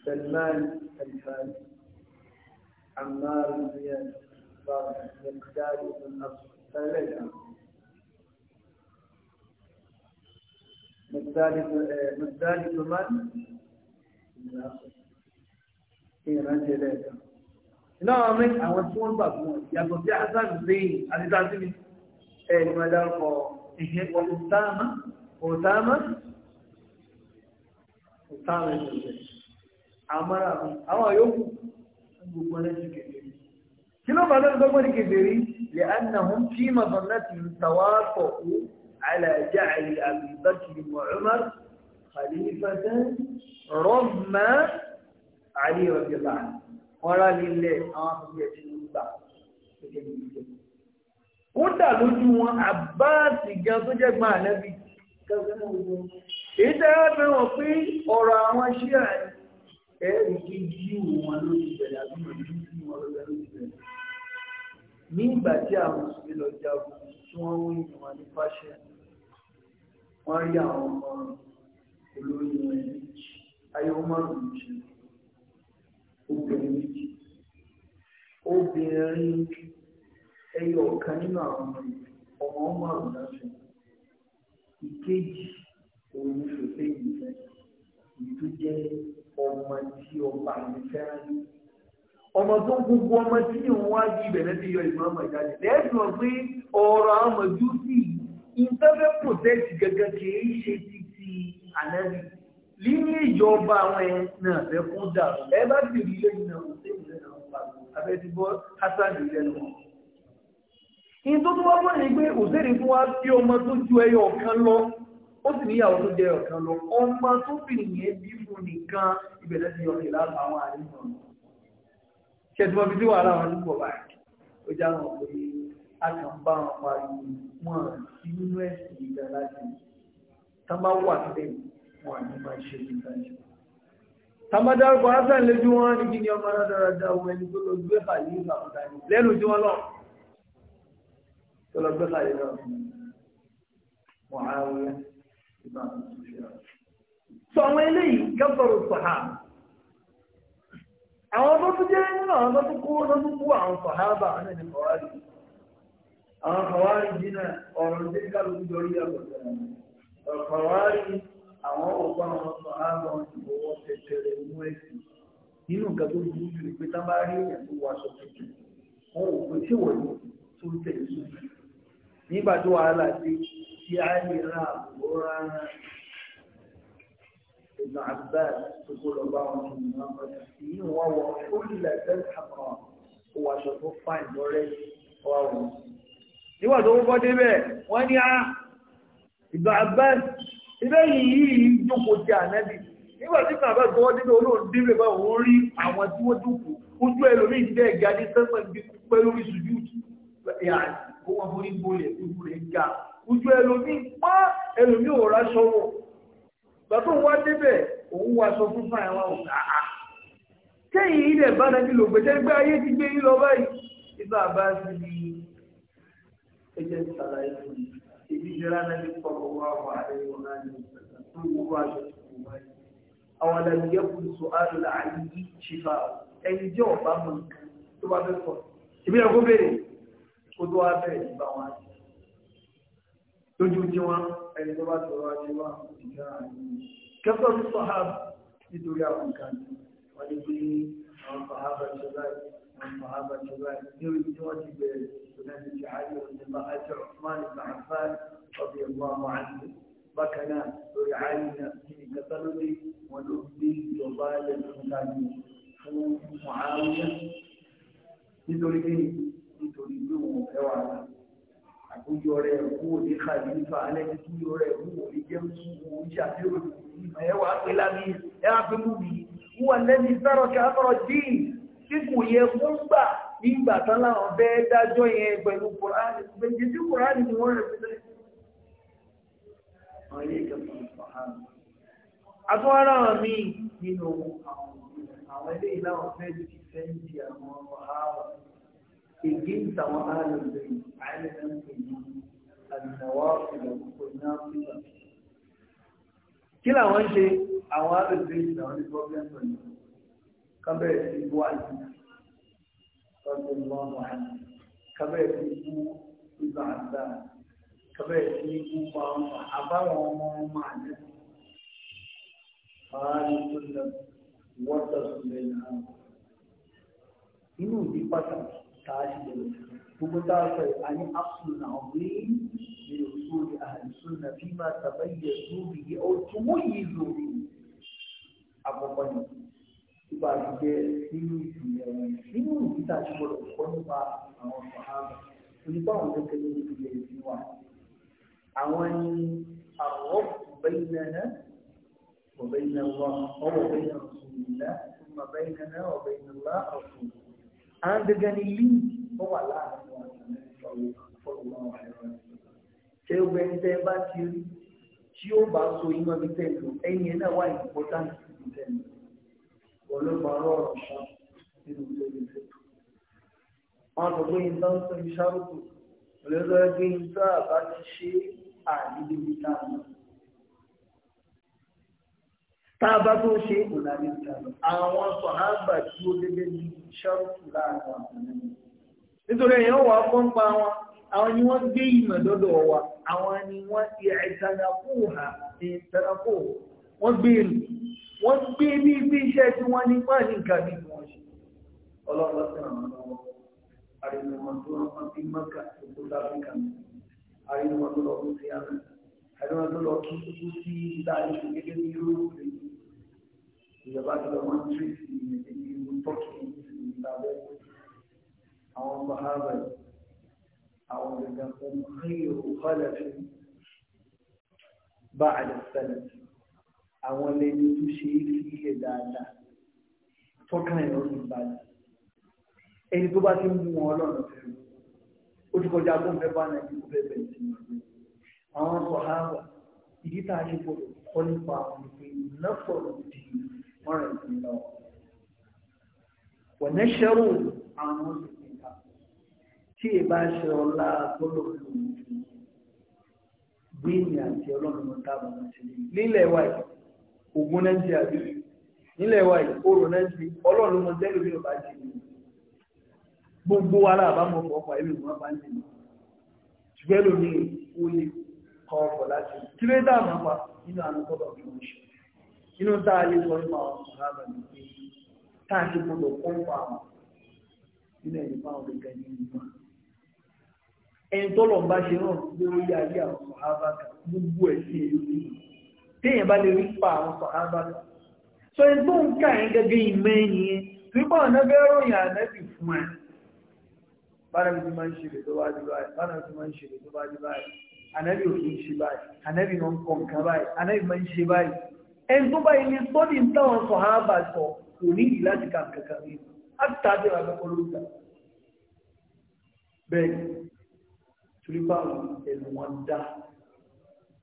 سلمان الفاري عمار بن ياسر مقدار بن أصل ثلاثة مقدار من؟ من أصل في iná wọn mú àwọn tí wọ́n gbà fún wọn yàtọ̀ sí hasan zayn àti tasimi ẹ̀ ní wọn dárúkọ ìṣe wọn òtáàmà òtáàmà òtáàmà ìṣẹ̀lẹ̀ àmọ́ra àwọn yòókù gbogbo ẹlẹ́sìn kékeré kí ló bá lọ́dún tó gbọ́dọ̀ kékeré lè anahun tí màbọ̀nà ti tawákọ̀ kú àlàjá àyè àbíbákiri mọ̀ọ́mọ́r khalifa rọ́mà àyè rọ̀bìlá wọn rà nílẹ̀ àwọn akọ̀bí ẹ̀sìn ń gbà gẹ́gẹ́ bí ìjọ. ó dà lójú wọn àbáàsì gan tó jẹ́ gbọ́n àlẹ́bí gẹ́gẹ́ bí gbogbo. èyí tẹ́ ẹ fẹ́ wọn pé ọ̀rọ̀ àwọn ṣíà ẹ̀rù kí yí wọn ló ti bẹ̀rẹ̀ àbí wọn yí wọn ló ti bẹ̀rẹ̀. ní ìgbà tí àwọn òṣèré lọ jagun tí wọ́n ń yìn wọn ní fáṣẹ́ wọ́n rí àwọn ọmọ olóyún ẹni ayé wọn márùn-ún obìnrin méjì obìnrin ẹyọ ọ̀kan nínú àwọn ọmọ ọmọ àrùndáṣe ìkejì òun ṣòfẹ́ ìfẹ́ èyí tó jẹ́ ọmọ tí ọba mi fẹ́ràn ọmọ tó gbogbo ọmọ tí òun wá di ti yọ ìmọ̀ ọmọ pé ọ̀rọ̀ àwọn sí protect gẹ́gẹ́ kì í ṣe ti líní ìjọba àwọn ẹ̀yìn náà fẹ́ kún dà ẹ bá ti rí lẹ́yìn náà kò sí ìlú náà pàtó abẹ́ ti bọ́ hásàdì lẹ́nu wọn. ní tó tún wá wọ́n ní pé òṣèré fún wa bí ọmọ tó ju ẹyọ ọ̀kan lọ ó sì níyàwó tó jẹ ọ̀kan lọ ọmọ tó fi nìyẹn bí fún nìkan ìbẹ̀rẹ̀ ti yọ ìlà àwọn àríwọ̀n. ṣètùmọ̀ fi sí wàhálà wọn nípò báyìí ó já wọn pé a kàn bá wọn pariwo wọn sí nínú ẹ̀sìn ìgbà láti tán wà nípa ṣe ìdájọ́ tàbádárùkọ̀ hassan lójú wọn ní gíní ọmọ rádáradá ohun ẹni tó lọ gbé fàyè ìfàkúta ní lẹ́nu tí wọ́n lọ tó lọ gbé fàyè lọ Muawiya ìbá sọ àwọn eléyìí kẹfọ̀rọ̀ sọ̀há àwọn tó tún jẹ́ nínú àwọn tó tún kú tó tún kú àwọn sọ̀hábà náà ní kọ̀wárì àwọn kọ̀wárì jìnnà ọ̀rọ̀ tí kálukú jọrí àgbọ̀tẹ̀ kọ̀wárì àwọn ọ̀pọ̀ àwọn sọ ààbọ̀ ìfọwọ́ tẹ̀tẹ̀rẹ̀ mú ẹ̀sìn nínú nǹkan tó burú jù ni pé tá bá rí èèyàn tó wọ aṣọ tuntun wọn ò pé tí wọ́n tó ń tẹ̀lé sófin nígbà tó wàhálà dé tí a lè ra àbúrò rárá ìgbà àgbà tó kó lọ bá wọn tún wọn pẹ̀lú ìyí wọn wọ ó lè tẹ́lẹ̀ àmọ́ ó wọ aṣọ tó fáìn lọ́rẹ́ wà wọn. nígbà tó kọ́kọ́ débẹ̀ wọ́n ní á ìgbà àgbà ilé yìí jókòó ti ànẹ́bì nígbà tí kàbá gbọ́ nínú olóòrùn dílé bá òun rí àwọn tí wọ́n dúkù ojú ẹlòmíì jẹ́ ẹ̀gá ní sẹ́sẹ̀ bí pẹ́ lórí ṣùjú kó wọ́n forí gbolẹ̀ ojú rẹ̀ ga ojú ẹlòmíì pá ẹlòmíì ò ráṣọ wọ̀ gbàtọ́ wá débẹ̀ òun wá sọ fún fáyà wa òun àá kẹ́yìn ilẹ̀ bá nàbí lò gbẹ̀jẹ́ gbé ayé ti gbé yín lọ ìbíjẹ́ra náà ní pọ̀pọ̀ wà wà àríwá náà ní ìsẹ̀sẹ̀ tó gbogbo àjọ tó kù báyìí. àwọn alẹ́gbẹ́ kù sọ àrùn àyè ṣìfà ẹni jẹ́ ọ̀bá mọ̀ nǹkan tó bá fẹ́ sọ. ìbílẹ̀ kó béèrè kó tó wá bẹ̀rẹ̀ ìgbà wọn àti. lójú tí wọn ẹni tó bá tọrọ àti wà ìjà àyè. kẹ́kọ̀ọ́ ní sọ́hábù nítorí àwọn nǹkan wọn ni pé àwọn sọ́hábù àti والصحابة الراسيون وجب سنن الجعالي وانتباهات عثمان بن عفان رضي الله عنه بكنا ورعاينا في كتلوي ونؤدي جبال الحساني معاوية nítorí kí nítorí pé wọn fẹ́ wà lá àkójọ rẹ̀ kú òní khalifa alẹ́ni kújọ rẹ̀ kú òní jẹ́ mú ìṣàfihàn ìmọ̀ ẹwà pé lábí ẹwà pé mú mi wọ́n lẹ́ni sárọ̀ kí á sọ̀rọ̀ díì tí kò yẹ fún gbà nígbà tán láwọn bẹ́ẹ̀ dájọ́ yẹn pẹ̀lú kùránì gbèjì tí kùránì ni wọ́n rẹ̀ fi lẹ́yìn. àwọn yìí kẹfà ń sọ hàn. àtúwárà mi nínú àwọn ilé ìlànà fẹ́ẹ́ ti fẹ́ ń di àwọn ọ̀háwà èyí ń tàwọn àlùbẹ̀ àìlẹ́nà ń pè ní àdìsàwọ̀ ìlẹ̀ púpọ̀ náà fìlà. kí làwọn ń ṣe àwọn àlùbẹ̀ ìlànà ní pọ́blẹ́mù kábẹ́rẹ́ sí ibú àìsàn lọ́dún lọ́nà àìsàn kábẹ́rẹ́ sí ibú ibà àgbà kábẹ́rẹ́ sí ibú báwọn àbáwọn ọmọ ọmọ àjẹ́ fàárì tó lọ wọ́tà sílẹ̀ náà inú ìdí pàtàkì tá a ṣe lè gbogbo tá a sọ yìí a ní absolute ọ̀gbìn ní òṣùwò ní àìsùn náà bí máa tàbí yẹ zúbi yẹ ó tún yìí lórí àkọ́kọ́ yìí nípa jíjẹ nínú ìpìlẹ̀ wọn nínú ìdíta tí mo lọ kọ́ nípa àwọn sàhábà onípa àwọn tó kẹ́lẹ́ ní ìpìlẹ̀ ìdí wa àwọn ni àwọn bẹ́ẹ̀nana ọ̀bẹ́ẹ̀nàwá ọ̀bẹ́ẹ̀nà ọ̀sùnmùlá ọmọ bẹ́ẹ̀nana ọ̀bẹ́ẹ̀nàlá ọ̀sùnmùlá àwọn gẹ́gẹ́ ni link ó wà láàrin wọn ṣé o bẹ́ẹ̀ tẹ́ bá ti rí tí ó bá so ìmọ̀ olùpàrọ̀ ọ̀ṣà nínú ìlú wọn sọ pé ìta ń pè ṣáàrùkù olóòtú ẹgbẹ́ ìta àbá ti ṣe àìdíbi táwọn tá a bá tó ṣe ìkùnà ní ìtàlọ́ àwọn sọ̀hábà tí ó dédé ní ṣáàrùkù láàrin àwọn ọ̀nà nítorí èèyàn wà fún pa wọn àwọn ni wọ́n gbé ìmọ̀ dọ́dọ̀ wa àwọn ni wọ́n ti ẹ̀ẹ́dàgàkú ha gbé ìlú wọ́n gbé ní ibi iṣẹ́ tí wọ́n ní máa ní nǹkan bí wọ́n ṣe ọlọ́run lọ́sẹ̀ àwọn ọmọ àrínú wọn tó rán wọn sí mọ́kà tó tó láfíríkà àrínú wọn tó lọ fún sí àná àrínú wọn tó lọ kí kúkú sí ìta ìṣù gẹ́gẹ́ bí yúróòpù ìjọba tó lọ wọn tírì sí ìlú tọ́kì ìta bẹ́ẹ̀ àwọn ẹlẹ́ni tó ṣe é fi ilẹ̀ dáadáa tọ́kàn ẹ̀rọ ní ìbàdàn ẹni tó bá ti ń mú wọn ọlọ́run fẹ́ mú ó ti kọjá tó ń fẹ́ bá nàìjíríà fẹ́ bẹ̀rẹ̀ sí i àwọn ọkọ̀ háwà ìdí tá a ṣe gbọdọ̀ kọ́ nípa àwọn ìpín lọ́sọ̀rọ̀ di mọ́rin ìpínlẹ̀ wọn wọ̀n ní ṣẹ́rù àwọn ọ̀sẹ̀ nípa tí ì bá ṣe ọlá gbọ́dọ̀ fún un gbé ìrìn àti ọlọ́run tábà wọn sílẹ̀ lílẹ̀ wáyé ògùn náà ń ṣe àbírí nílẹ̀ wa yìí oòrùn náà ń ṣe ọlọ́run ló mọ tẹ́lẹ̀ bí ọba jẹ gbogbo ara àbámọ̀ ọkọ̀ ẹ̀mí wọn bá ń lè mọ̀ ṣùgbọ́n ló ní ó lè kọ ọkọ̀ láti kí ló dá àmọ́ pa nínú àmì kọ́dọ̀ kí wọ́n ṣe inú tá a lè sọ nípa àwọn ọkọ̀ àgbà ní pé tá a ṣe gbọdọ̀ kọ́ ń àwọn nínú ẹ̀yìn fáwọn gẹ́gẹ́ ní ìlú ẹni tọ́lọ̀ ń bá ṣe náà lórí ayé àwọn ọkọ̀ àgbà gbogbo ẹ̀ sí èyí téèyàn bá lè rí pa àwọn sọ̀hábà lọ. sọ ẹgbẹ́ òun ká ẹ̀ gẹ́gẹ́ ìmọ̀ ẹ̀yìn nígbà ọ̀nà ròyìn ànẹ́bì fún ẹ̀. bára ti máa ń ṣe tó bá di báyìí bára mi ti máa ń ṣe tó bá di báyìí ànẹ́bì ò kì í ṣe báyìí ànẹ́bì máa ń kọ nǹkan báyìí ànẹ́bì máa ń ṣe báyìí. ẹni tó bá ilé sọ́ọ̀dì ń táwọn sọ̀hábà sọ kò ní ìdí láti kà kankan rí àtàdé àgbẹ̀kọ́lógún bẹ́ẹ̀ torí báwọn ẹnu wọn dá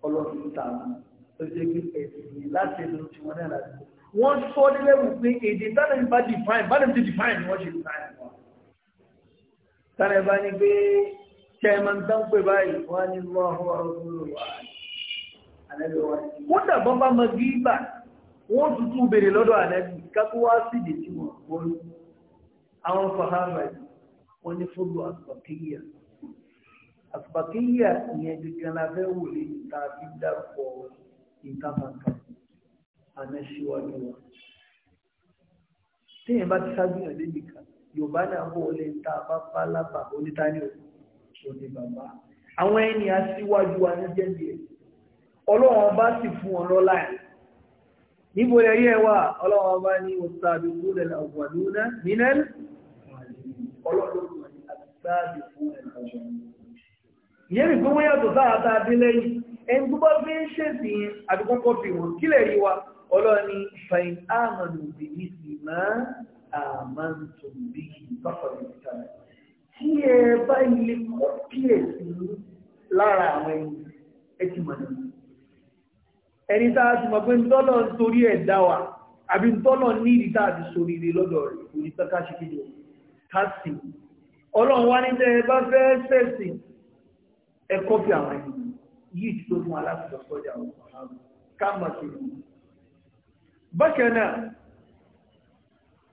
ọlọ́run ta àwọn tó ṣe pé ẹ̀sìn láti ẹ̀dùn tí wọ́n náà láti wọ́n sọ nílẹ̀ wù pé èdè tánà ń bá define bá dem ti define wọ́n ṣe define wọn. tánà bá ní pé chairman tán pè báyìí wọ́n á ní lọ́wọ́ àwọn ọ̀rọ̀ wà ànẹ́bí wọn. wọ́n dàbọ̀ bá mọ gíbà wọ́n tuntun béèrè lọ́dọ̀ ànẹ́bí kákó wá sí ìdè tí wọ́n gbọ́ àwọn fàhámà yìí wọ́n ní fúlù àgbàkéyà àgbàkéyà ìyẹn gẹ́gẹ́ la fẹ́ wò lè ta fi dàpọ̀ ìtàkàkà ànáṣíwájú wa téèyàn bá ti ṣáájúyàn débi kan yorùbá náà bó o lè ta bàbá lábà onítàní o ní bàbá àwọn ẹni aṣíwájú wa ní jẹ́bi ẹ̀ ọlọ́run bá sì fún wọn lọ́lá ẹ̀ níbo lè yẹ wà ọlọ́run bá ní ọ̀sáàbí kó lè la wà lónà nínẹ́lì ọlọ́run àti sáàbí fún ẹ̀ lọ́jọ́ ìyẹn ẹni tó bá fi ń ṣèṣì yẹn àdúgbò fi wọn kí lè rí wa ọlọ́ni fain amanu bìí sì máa àmàntò bíi bákọ̀lù ìtàn tí ẹ bá ilé kọ́ kíyèsí lára àwọn ẹni ẹ ti mọ̀ náà ẹni tá a ti mọ̀ pé ntọ́lọ̀ ń torí ẹ̀ dá wa àbí ntọ́lọ̀ ní ìdí tá a ti sori rí lọ́dọ̀ rẹ̀ òní tọ́ka ṣe kéde ká sì ọlọ́run wá ní tẹ́ ẹ bá fẹ́ fẹ́ sìn ẹ kọ́ fi àwọn ẹni yìí tó mú aláṣọ sọ́jà káàmà sí i bákan náà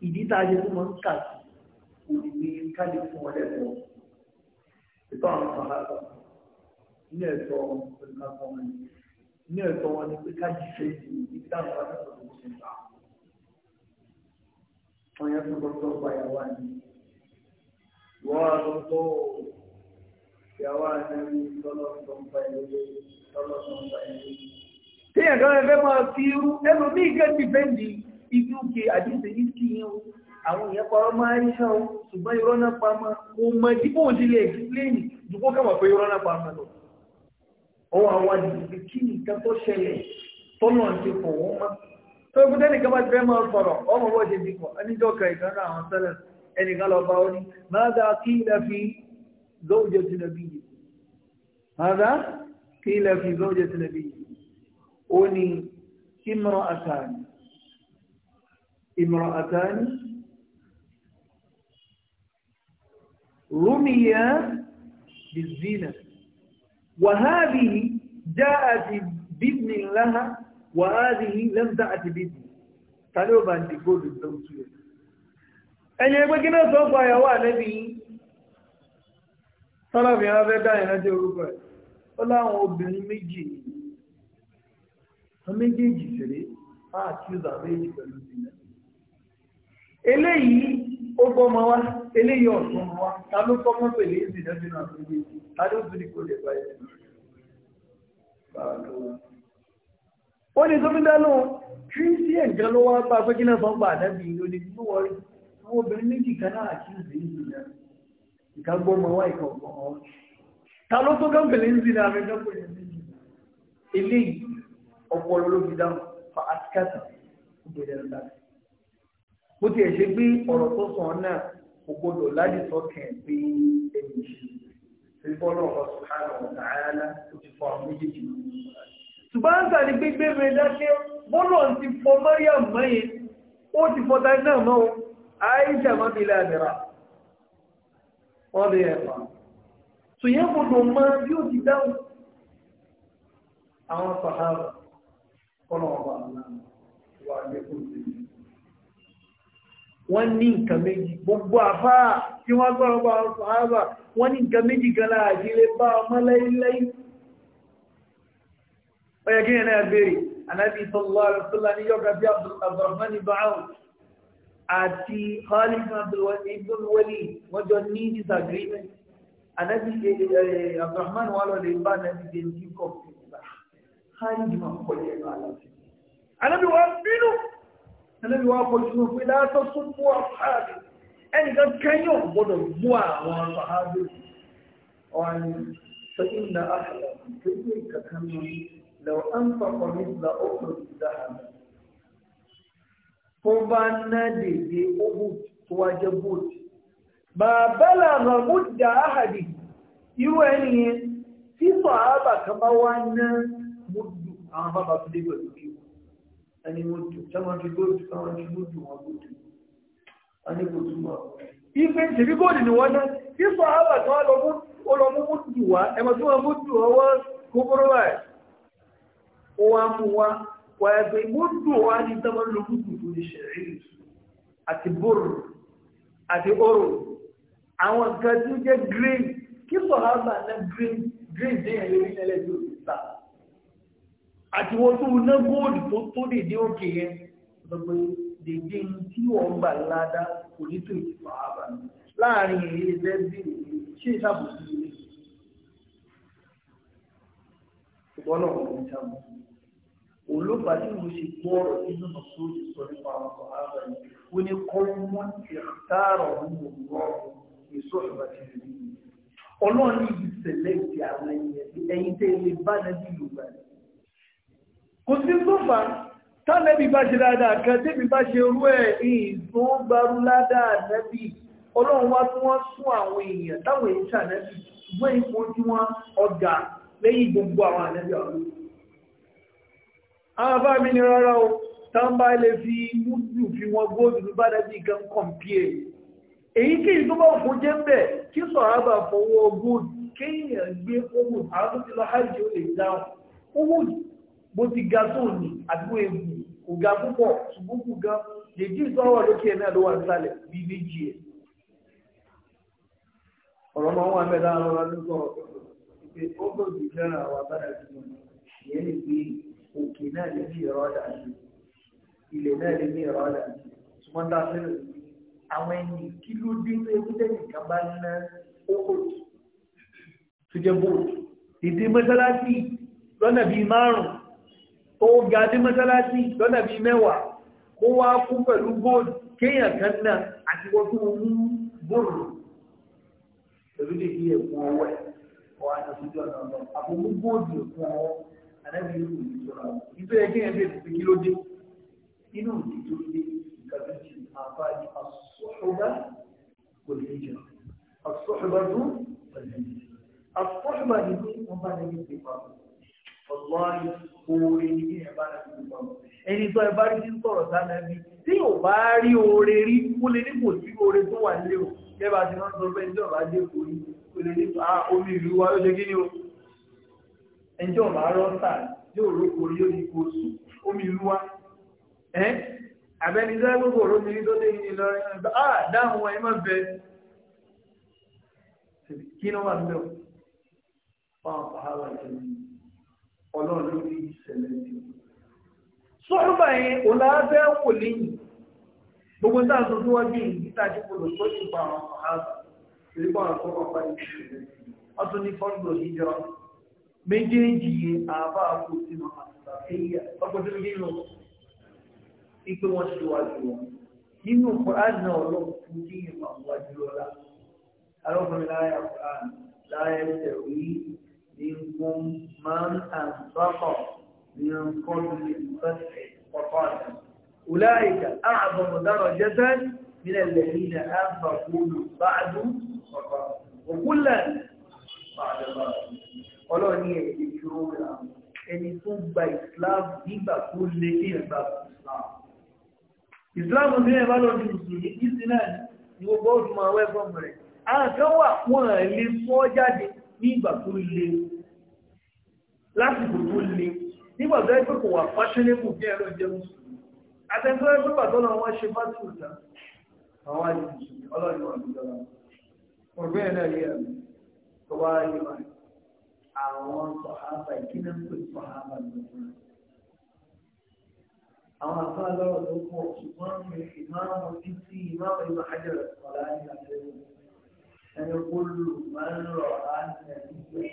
ìdí tá a jẹ tó máa ń kà sí òní ní káàdì fún ọ lẹ́tọ̀ọ́ ìtọ́ àwọn sàhábà ní ẹ̀tọ́ wọn ní pé káàdì ṣe ìdí táwọn aláṣọ tó ṣe bá wọ́n á Téèyàn kan fẹ́ máa fi irú ẹnu ní ìkẹ́ ti fẹ́ǹdì ibi òkè àdìsẹ̀ yìí kí yẹn o. Àwọn èèyàn parọ́ máa ń ṣá o, ṣùgbọ́n irọ́ náà pa mọ́. Mo mọ tí kò sí lè explain ju kó kẹ́wọ̀n pé irọ́ náà pa mọ́ lọ. Ọwọ́ àwọn àdìsẹ̀ kí nìkan tó ṣẹlẹ̀ tọ́nà ti pọ̀ wọ́n mọ́. Tó o gbọ́dọ̀ nìkan bá ti fẹ́ máa sọ̀rọ̀, ọmọ bọ́ ṣe ti pọ̀. Ẹnìjọ́ kan ìkan náà àwọn sẹ́lẹ̀ زوجة نبيه هذا قيل في زوجة نبيه أني امرأتان امرأتان رمي بالزينة وهذه جاءت بإذن لها وهذه لم تأتي بإذن فلو بأن تقول الزوجية أن يبقى نصف يا نبي tọ́lọ́bìnrin afẹ́ dáyìn rántí orúkọ ẹ̀ ó láwọn obìnrin méjì ni wọn méjèèjì ṣeré máa kíúzà méjì pẹ̀lú ìlẹ̀ eléyìí ó bọ́mọ wá eléyìí ọ̀tún wá ta ló kọ́mọ́ pèlè ìsìnlẹ̀ sínú àpèjì ta ló tún ní kó lè báyìí ó ní tó fi dá lóhun christian gan ló wá bá pé kí náà sọ́n gbà àdábì ló ní wọ́n obìnrin méjì kan náà kíúzà ìsìnlẹ̀ ìkan gbọ́mọ wá ìkan ọ̀gbọ́n wọn. ta ló tó gángbèlè ń zina rẹ gángbèlè ń zina eléyìí ọpọlọ ló fi dáhùn fa àtikátà òbẹ̀rẹ̀ ńlá. bó tiẹ̀ ṣe gbé ọ̀rọ̀ tó sàn náà kò gbọdọ̀ láti sọ́kẹ̀ pé ẹni ṣe ìfọ́lọ́ ṣùgbọ́n sàrí gbígbé rẹ̀ dákẹ́ bọ́lọ̀ ti fọ Mariam mọ́yìn ó ti fọ́ta náà mọ́ àìsàn mọ́bílá àdìrà ọ̀rẹ́ ẹ̀fà tòyẹ́ gbọdọ̀ máa yóò di dáhùn àwọn sàhárà kọ́nà ọba wà lẹ́kùn sí wọ́n ní nǹkan méjì gbogbo àfá tí wọ́n gbọ́rọ̀ bá wọn sàhárà wọ́n ní nǹkan méjì gánà àjílé bá ọmọ lẹ́yìnlẹ́yìn ọyẹ́gẹ́ àti Khalid ibn Walid wọ́n jọ ní disagreement anabi eh, eh, eh, abdulrahman wà lọ lè bá anabi dé ní kọ́ọ̀tù nígbà Khalid máa ń kọjá ẹnu àlàáfíà anabi wà bínú anabi wà kọjú ní pé látọ̀ sún mú àfáàbí ẹnìkan kẹ́yìn ọ̀gbọ́dọ̀ mú àwọn àfáàbí ọ̀hún فإن أحلى كل كتم لو أنفق مثل أحد ذهبا tó bá ná dèdè ohun tó wá jẹ́ bóòtù bàbá làrán múdà áhàdì irú ẹni yẹn tí sọ̀hábà kan bá wá ná múdù àwọn bàbá tó dé pẹ̀lú kí ẹni múdù sẹ́wọ̀n ti gbóòtù káwọn ti múdù wọn gbóòtù wọn ní kò túmọ̀ ife tèmi góòlù ni wọ́n ná tí sọ̀hábà kan ọlọ́mú múdù wá ẹ̀mọ̀ tí wọ́n múdù ọwọ́ kókóró báyìí ó wá mú wá wàyàgbé múdù wá ní tẹ́wọ́n lọ múdù ní ṣẹ̀rí àti búrú àti oòrùn àwọn nǹkan tí ó jẹ́ green kí sọ̀hábà náà green green ní ẹ̀yẹ orílẹ̀-èdè tó ti sà àti wọ́n tó ná góòlù tó tó dèdé òkè yẹn gbogbo dèdé tí wọ́n gbà ládá kò ní tó ìtì sọ̀hábà láàrin èyí ẹgbẹ́ bí ṣé ìṣàbòsí ìgbọ́nà ọ̀gbìn ìṣàbòsí olóba tí mo ṣe gbọ́ inú mọ̀sóòjì sọ nípa àwọn sọ̀hábà yìí ó ní kọ́mọ́ ìtààrọ̀ nínú rọ́ọ̀bù èso ìgbà tí mo ní. ọlọ́run ní ibi sẹ̀lẹ̀tì àwọn ènìyàn bí ẹyin tẹ́ ilé bá nẹ́bí yorùbá ni. kò sí sófà tánẹ́bí bá ṣe dáadáa kan tẹ́bí bá ṣe rú ẹ̀ ìzó ládàá nẹ́bí ọlọ́run wá tí wọ́n sún àwọn èèyàn táwọn èèyàn ṣànẹ́bí ṣùgbọ́n ipò tí wọ́n ọ̀gá àwọn bá mi ní rárá o tán bá lè fi múdù fi wọn góòlù ní bá dájú ìkan kọ̀m̀pìẹ̀ èyí kí ìlú bá fún jẹ́ bẹ̀ kí sọ̀rọ̀ bá fọwọ́ góòlù kéèyàn gbé owó àwọn tó ti lọ hajj ó lè dáhùn owó bó ti ga tó ní àdúgbò ewu kò ga púpọ̀ ṣùgbọ́n kò ga lèdí ìsọ́wọ́ lókè náà ló wà nísàlẹ̀ bí méjì ẹ̀ ọ̀rọ̀ máa wà mẹ́ta lọ́wọ́ ló sọ̀rọ̀ pé ó gbọ́dọ̀ òkè náà lè ní ìrọ́dà sí ilẹ̀ náà lè ní ìrọ́dà sí ṣùgbọ́n tá a fẹ́ rẹ̀ àwọn ẹni kí ló dé tó ewu tẹ́lẹ̀ nìkan bá ná owó tó jẹ́ bóòtù èdè mọ́sálásí lọ́nà bíi márùn-ún ó ga dé mọ́sálásí lọ́nà bíi mẹ́wàá ó wá kú pẹ̀lú góòlù kéèyàn kan náà àti wọ́n tó mú góòlù pẹ̀lú lè ẹ̀kún ọwọ́ ẹ̀ ọ̀ àtàkùn jọ̀ọ̀nà lọ àdábì yóò ní ìṣọ́ra nítorí ẹgbẹ́ yẹn bẹ̀rẹ̀ pé kí ló dé inú òdì tó dé ìkàbíyèsí àbá ní asọ́ṣọ́gbà kò lè jẹ asọ́ṣọ́gbà tó pẹ̀lú asọ́ṣọ́gbà ni pé wọ́n bá lẹ́yìn pé papọ̀ ọlọ́rin oore ni kí ẹ bá lẹ́yìn pé papọ̀ ẹni tó ẹ bá rí sí sọ̀rọ̀ sáná bí tí ò bá rí oore rí ó lè ní kò sí oore tó wà nílé o kẹ́ bá ti rán sọ fẹ́ ní ọ̀rọ̀ ajé kò rí ó lè ní ah, omi ìlú wa ló ṣe kí ni o. ẹjọ́ ọ̀bà rọ́sà yóò rókò yóò ní kò sùn omi ìlú ẹ́ àbẹ́ni tó gbogbo òrómìnirí tó dé ní Ìlọrin ọ̀gbà á dáhùn wọn ẹ má bẹ kí ni wọ́n bẹ̀ fún àpáhàwà ìjọba ọlọ́run ló ní ìṣẹ̀lẹ̀ tí sọ́rùbà yẹn ọ̀làbẹ́ wò lẹ́yìn gbogbo tá a sọ síwájú yìí pa àwọn àpáhàwà ìrìkọ́ àwọn àpáhàwà méjèèjì àbá àpò sínú àtàkìyà ọgbọ́dún nínú ipé wọ́n ṣíwájú wọn nínú Kùránì náà ọlọ́pù ní ìmọ̀ àwájú ọlá alọ́kùnrin láyà Kùránì láyà ẹsẹ̀ rí ní nǹkan máa ń tàn bákọ̀ ní nǹkan tó lè ọlọ́run ní ẹ̀jẹ̀ tí ó rà ẹni tó gba islam nígbà tó lé ní ẹ̀gbà islam islam ní ẹ̀bá lọ ní mùsùlùmí ìsìn náà ni gbogbo ọdún máa wẹ́ fọ́ọ̀mù rẹ̀ àǹkan wà wọ́n lè sọ jáde nígbà tó lé lásìkò tó lé nígbà tó ẹgbẹ́ kò wà fáṣẹ́lẹ́kù bí ẹ̀rọ jẹ́ mùsùlùmí àtẹ̀tọ́ ẹgbẹ́ pàtó náà wọ́n ṣe fásitì ìta àwọn àjèjì ọlọ́run ọ̀gbìn ẹ̀ tó yẹ àwọn sọ̀hábà ìkíni ń pè sọ̀hábà lọ́wọ́. Àwọn àfáà lọ́rọ̀ ló pọ̀ ṣùgbọ́n mi ìmáàmù títí ìmáàmù ìmọ̀ àjẹrẹ̀ ọ̀la ní àjẹrẹ̀. Ẹni kúlù máa ń rọ̀ á nàbí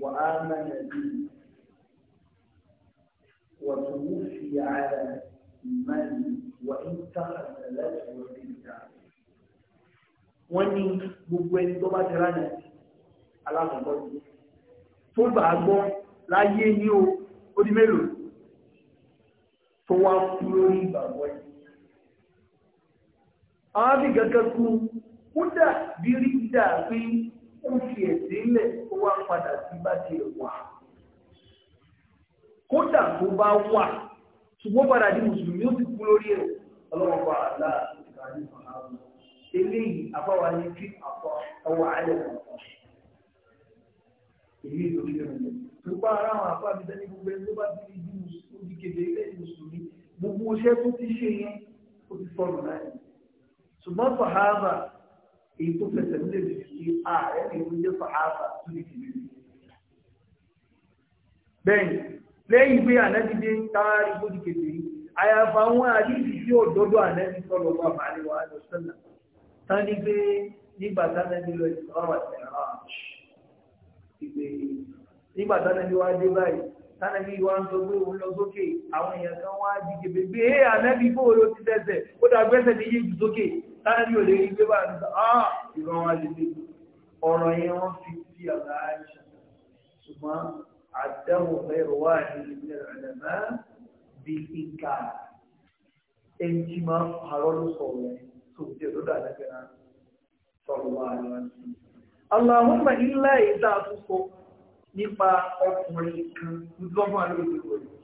wà á má nàbí وتوفي على من وإن تخلت له وبالدار wọ́n ní gbogbo ẹni tó bá jẹ́ra náà aláàbọ̀bọ̀ yìí tó gbà á gbọ́ láyé ní o ó di mélòó tó wá kú lórí ìgbàgbọ́ yìí àwọn bí gẹ́gẹ́ kú kúdà bí rí dà pé ó fi ẹ̀sìn lẹ̀ ó wá padà sí bá ti wà kódà tó bá wà ṣùgbọ́n padà di mùsùlùmí ó ti kú lórí ẹ̀ ọlọ́wọ́ eléyìí afáwa ní kí àfọ ọwọ́ àyẹ̀wò ọ̀sán èyí ètò ìlú rẹ̀. Tòpá ara àwọn àpá mi dání gbogbo ẹni tó bá ti di ojú kékeré lẹ́yìn mùsùlùmí gbogbo iṣẹ́ tó ti ṣe yẹn ó ti fọ́ọ̀nù náà. Ṣùgbọ́n fàhábà èyí tó fẹsẹ̀ nílẹ̀ lè fi ààrẹ ní ìlú jẹ́ fàhábà tó ní kìlì. Bẹ́ẹ̀ni, lẹ́yìn pé ànágídé táàrí gbòdì kékeré, àyàfà àwọn àdìsí tí ò dọ́dọ̀ ànágídé sọ̀rọ̀ wà máa ní wàhálà sọ́nà. Tán ní pé nígbà tánágídé lọ ìsọ̀rọ̀ àti ìgbè nígbà tánàbí wá dé báyìí tánàbí wá ń sọ pé òun lọ sókè àwọn èèyàn kan wá di kébé gbé é ànábì bó ló ti dẹ́sẹ̀ ó dà gbẹ́sẹ̀ ní yéjù sókè tánàbí ò lè rí gbé bá nígbà ah ìran wa lè lè ọ̀rọ̀ yẹn wọ́n fi fi àgbà àìsàn ṣùgbọ́n àdáwò mẹ́rọ wà ní ilẹ̀ ẹ̀lẹ́mẹ́ bí ìka ẹni tí máa ń parọ́ ló sọ̀rọ̀ yẹn tó jẹ́ lọ́dọ̀ àdàgbẹ̀rẹ̀ sọ̀rọ̀ wà ní wọn sí i. Allahumma ilá ìdá àtúkọ nípa ọkùnrin kan lọ́gbọ́n alóògbò rẹ̀.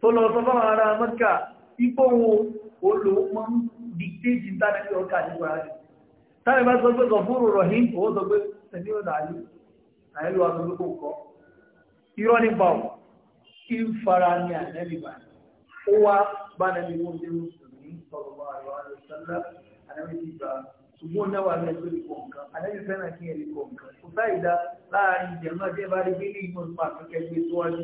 Tó lọ sọ fáwọn ará Mọ́kà, ipò wọn olóòpọ̀ ń dìktéjì tánàbí ọkà nípa rẹ̀. Tánàbí bá sọ pé Gọ̀fúrù Rọ̀hìn kò ó sọ pé Sẹ̀mí ọ̀dà ṣùgbọ́n náwà rẹ̀ tó lè kọ̀ nǹkan alẹ́bí fẹ́ràn kí ẹ lè kọ̀ nǹkan kò sáì dá láàrin ìjẹ̀mọ́ àti ẹ̀bá rí gbélé ìmọ̀ nípa àfikẹ́ gbé síwájú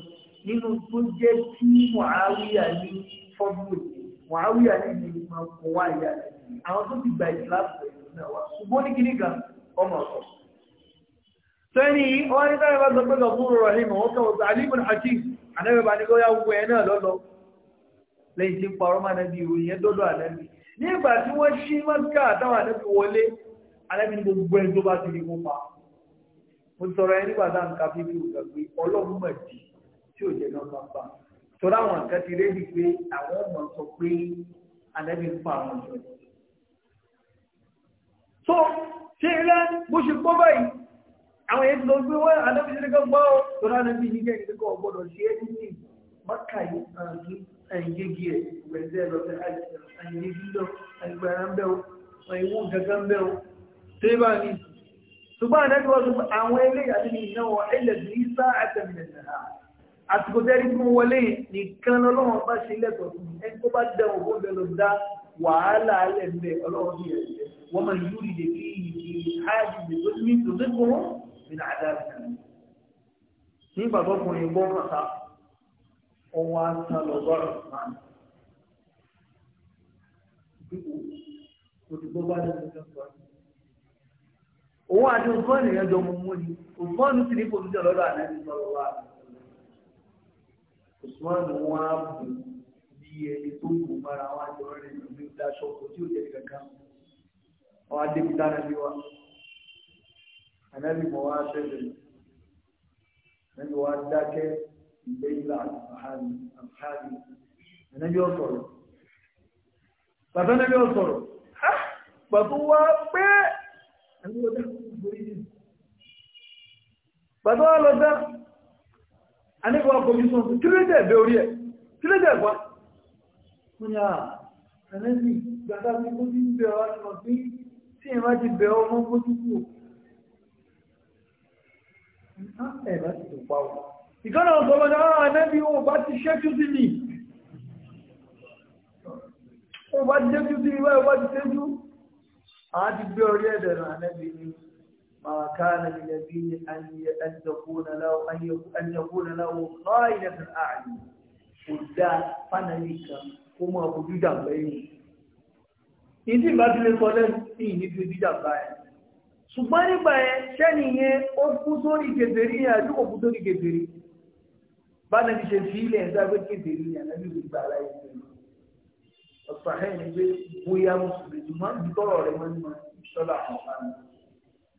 nínú tó jẹ́ kí Muawiya ní fọ́bùlù Muawiya ní ní ma kọ̀ wá ìyá rẹ̀ àwọn tó ti gba ìsìláàmù pẹ̀lú náà wá ṣùgbọ́n ní kíní kan ọmọ ọ̀sọ̀. sẹ́ni wọ́n ní táyà bá sọ pé lọ́kùnrin rọ̀ nínú wọn kàn ọ̀sán alimun hakim ànábẹ́bà ní lẹ́yìn tí ń parọ́ mọ́ ànábì ìròyìn yẹn dọ́dọ̀ ànábì nígbà tí wọ́n ṣí mọ́síkà àtàwà níbi wọlé alẹ́bí ní gbogbo ẹni tó bá ti rí mú pa mo sọ̀rọ̀ ẹni nígbà táwọn ká fífi ògbà pé ọlọ́run mọ̀ jì tí ò jẹ́ náà pápá sọ̀rọ̀ àwọn nǹkan ti rédi pé àwọn ọmọ sọ pé alẹ́bí ń pa àwọn jọ ni. so ṣé ilé bó ṣe kó báyìí àwọn èyí ló gbé wọn alẹ́bí ṣe ní ká gbọ́ sọ̀rọ̀ alẹ́bí yìí kẹ́ àìyégi ẹ̀ ìgbẹ̀dẹ́ lọ́tẹ̀ àìyégi lọ àìgbàrá ń bẹ́ o àìwó gangan bẹ́ o tó bá ní ṣùgbọ́n àdájọ́ ọdún àwọn eléyà nínú ìnáwó ẹlẹ́dì ní sáà àtẹ̀mìnà àsìkò tẹ́rí fún wọlé nìkan lọ́wọ́n bá ṣe lẹ́tọ̀ọ́ fún ẹni tó bá dẹ òkú bẹ lọ dá wàhálà alẹ́ ń bẹ ọlọ́wọ́n bí ẹ̀ wọ́n máa yú ìdè kí ìdè áàdì ìdè tó ní tòṣe kúrò nínú àdáyà nígbà tó kùnrin gbọ́ mọ̀ta ọwọ́ asán lọ́gọ́rùn máa ń dìbò òdìbò bá lè ní ọjọ́ òun àti òfóònù yẹn jọ mú ni òfóònù sì ní polisi ọlọ́dọ̀ ànábi sọ̀rọ̀ wa òfóònù wọn á bù bí ẹni tó kù mara wọn àti ọ̀rẹ́ rẹ̀ ní ìdáṣọ kò tí ò jẹ́ kankan wọn á débi dáná bí wa ànábi mọ̀ wá ṣẹlẹ̀ ànábi wa dákẹ́ ìgbéyìlá àti àbúhárì ẹ̀nẹ́bí ó sọ̀rọ̀ bàbá ẹ̀nẹ́bí ó sọ̀rọ̀ bàbá wa pé ẹ̀nẹ́bí ó dákú ìgbórí yìí bàbá wa lọ dá anẹ́bí wa kọjú sọ fún kílódé ẹ̀bẹ̀ orí ẹ̀ kílódé ẹ̀gbá fún ni àà ẹ̀nẹ́bí gbàdá mi kó ti bẹ̀ ọ́ àti sí tí ìwà ti bẹ̀ ọ́ mọ́ bójú ìkọ́nà ọ̀gọ́mọdá ànẹ́bí o bá ti ṣẹ́jú sí mi o bá ti ṣẹ́jú sí mi wáyé o bá ti ṣẹ́jú a ti gbé orí ẹ̀dẹ̀ rẹ̀ ànẹ́bí ni màá ká ànẹ́bí lẹ́bí ẹnìyẹ̀kúnà láwọ̀ lọ́rọ̀ ilẹ̀ ààrùn kò dá fánàlì kan kó mọ́ ojú dàgbà ṣùgbọ́n nígbà yẹn ṣẹ́ni ó kú sórí gèdèrí yẹn àdúgbò sórí gèdèrí báni ti ṣe fi ilẹ̀ ẹ̀dá pé kéde ní ànábì ló gba ara ẹ̀dá lọ ọ̀sọ̀ ahẹ́n ni pé bóyá mùsùlùmí ju máa ń bí tọ́rọ̀ rẹ̀ mọ́ ní ma sọ́dọ̀ àwọn ọ̀gá mi.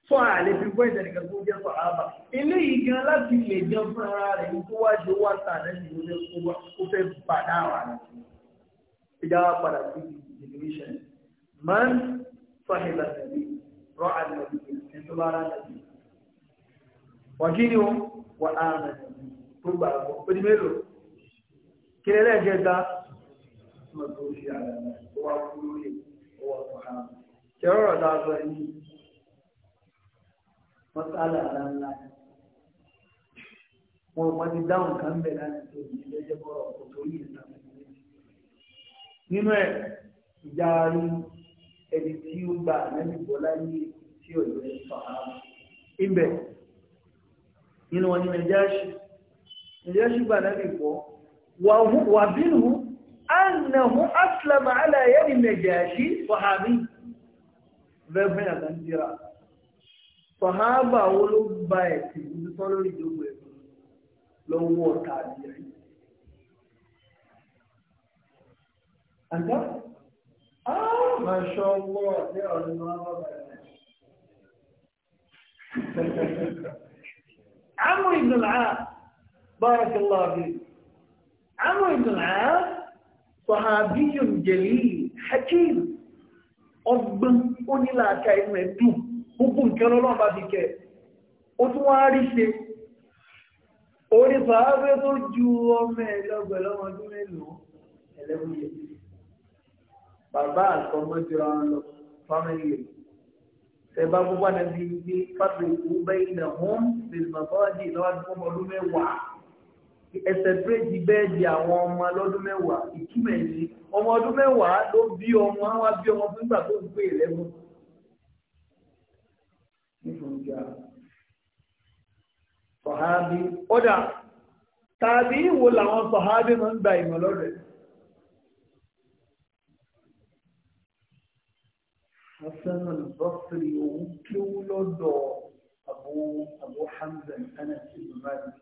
fún àlè fi gbọ́ ìtàn nìkan tó jẹ́ sọ̀hábà eléyìí gan láti lè jẹun fún ara rẹ̀ ní kó wájú wá ta ànábì ló fẹ́ kó fẹ́ bà dáhà rẹ̀. ìjà wa padà sí generation man sọ̀hìnlá nàbí rọ́ àdàbí ẹ̀ tó bá rà nàbí. wàkí ni wọ́n wà á nàbí tó gbà gbọ́ ó di mélòó kí ni ẹlẹ́ẹ̀kẹta ọmọ tó ṣe àlàyé ó wá kú lórí ó wà fún ara ṣe rọrọ tá a sọ yìí wọn sálà ara ńlá wọn wọn ti dáhùn nínú ẹ ìjà rí ẹni tí ó gba ànábì bọlá yìí tí ò lè fà á nínú wọn ni nàìjíríà يجب أن نبيه ومنه أنه أسلم على يد النجاشي صحابي ذو من الأنجراء صحابة أولو بايتي بصلوا يجوه إيه؟ لو هو تابعي أنت؟ آه ما شاء الله يا الله *laughs* عمرو بن العاص بارك الله فيك عمرو بن العاص صحابي جليل حكيم ọgbọ́n ó ní láàká inú ẹ̀dùn púpù nǹkan lọ́lọ́n bá fi kẹ́ ó tún wá rí ṣe orí fàáfẹ́ tó ju ọmọ ẹ̀lọ́gbẹ̀ lọ́wọ́ ọdún mélòó ẹlẹ́wúyẹ bàbá àtọmọ́jọra lọ fámílì ẹ̀bá púpà náà fi ẹsẹ̀ bírèjì bẹ́ẹ̀dì àwọn ọmọ lọ́dún mẹ́wàá ìtumẹ̀ ní ọmọ ọdún mẹ́wàá ló bí ọmọ wá bí ọmọ fún ìgbà tó ń pè lẹ́gùn. sọ̀hábí ọ̀dà tàbí ìwò làwọn sọ̀hábí máa ń gba ìmọ̀ lọ́rẹ̀. Hasan al-Basri òun kéwú lọ́dọ̀ Abu Hamza Anas ibn Malik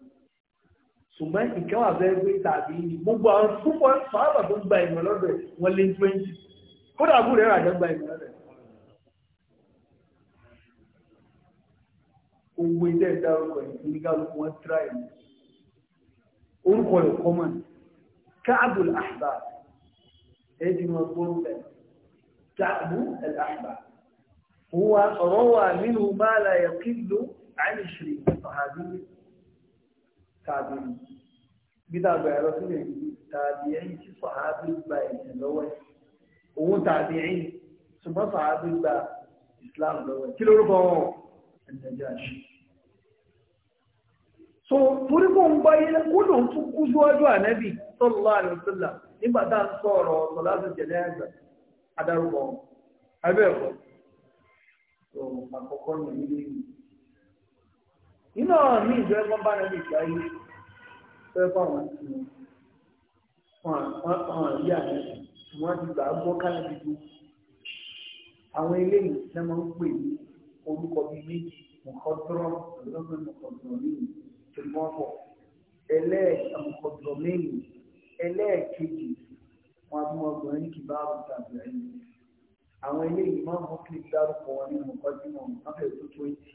ṣùgbọ́n ìkẹ́ wà bẹ́ẹ̀ pé tàbí ní gbogbo àwọn púpọ̀ sọ́ọ̀bà tó gba ìmọ̀ lọ́dọ̀ wọn lé twenty kódà bú rẹ̀ ràjọ gba ìmọ̀ lọ́dọ̀ owó ilé ẹ̀dá orúkọ ìpínlẹ̀gàlùkù wọn tíra ìmọ̀ orúkọ ìkọ́ mọ̀ káàbùl àṣbà ẹ̀dì wọn gbọ́n bẹ́ẹ̀ káàbùl àṣbà هو روى منه ما لا يقل عن 20 صحابي tàbí gbígbàgbà ẹ̀rọ sílẹ̀ tàbí ẹ̀yìn tí sọ̀hábí gba ẹ̀sìn lọ́wọ́ ẹ̀ òun tàbí ẹ̀yìn ṣùgbọ́n sọ̀hábí gba Islam lọ́wọ́ ẹ̀ kí lórúkọ wọn An-Najashi. so torí kò ń gbáyé kó lòun tún kú síwájú ànábì sallallahu alaihi wasallam nígbà tá à ń sọ̀rọ̀ sọ̀láṣẹ̀ jẹ̀lẹ́ àgbà adarúgbọ̀n abẹ́ẹ̀kọ́ iná ní ìjọ ẹgbọ́n bá rẹ̀ lè gbá ilé fẹ́ fún àwọn tí wọn àrí àná wọn ti gbà gbọ́ kálẹ̀ gbogbo àwọn eléyìí tí wọn ń pè ní orúkọ bíi méjì mọ̀kọ́dúrọ̀ lọ́gbẹ́ mọ̀kọ́dúrọ̀ lẹ́yìn tìmọ́fọ̀ ẹlẹ́ẹ̀kẹ́ mọ̀kọ́dúrọ̀ lẹ́yìn ẹlẹ́ẹ̀kejì wọn a mú ọgbọ̀n ní kìbá àbúta àbúrẹ́ yìí àwọn eléyìí máa ń mú kí n dárúkọ wọn nínú mọ̀kọ́dúrọ̀ wọn fẹ́ẹ́ tó tó èjì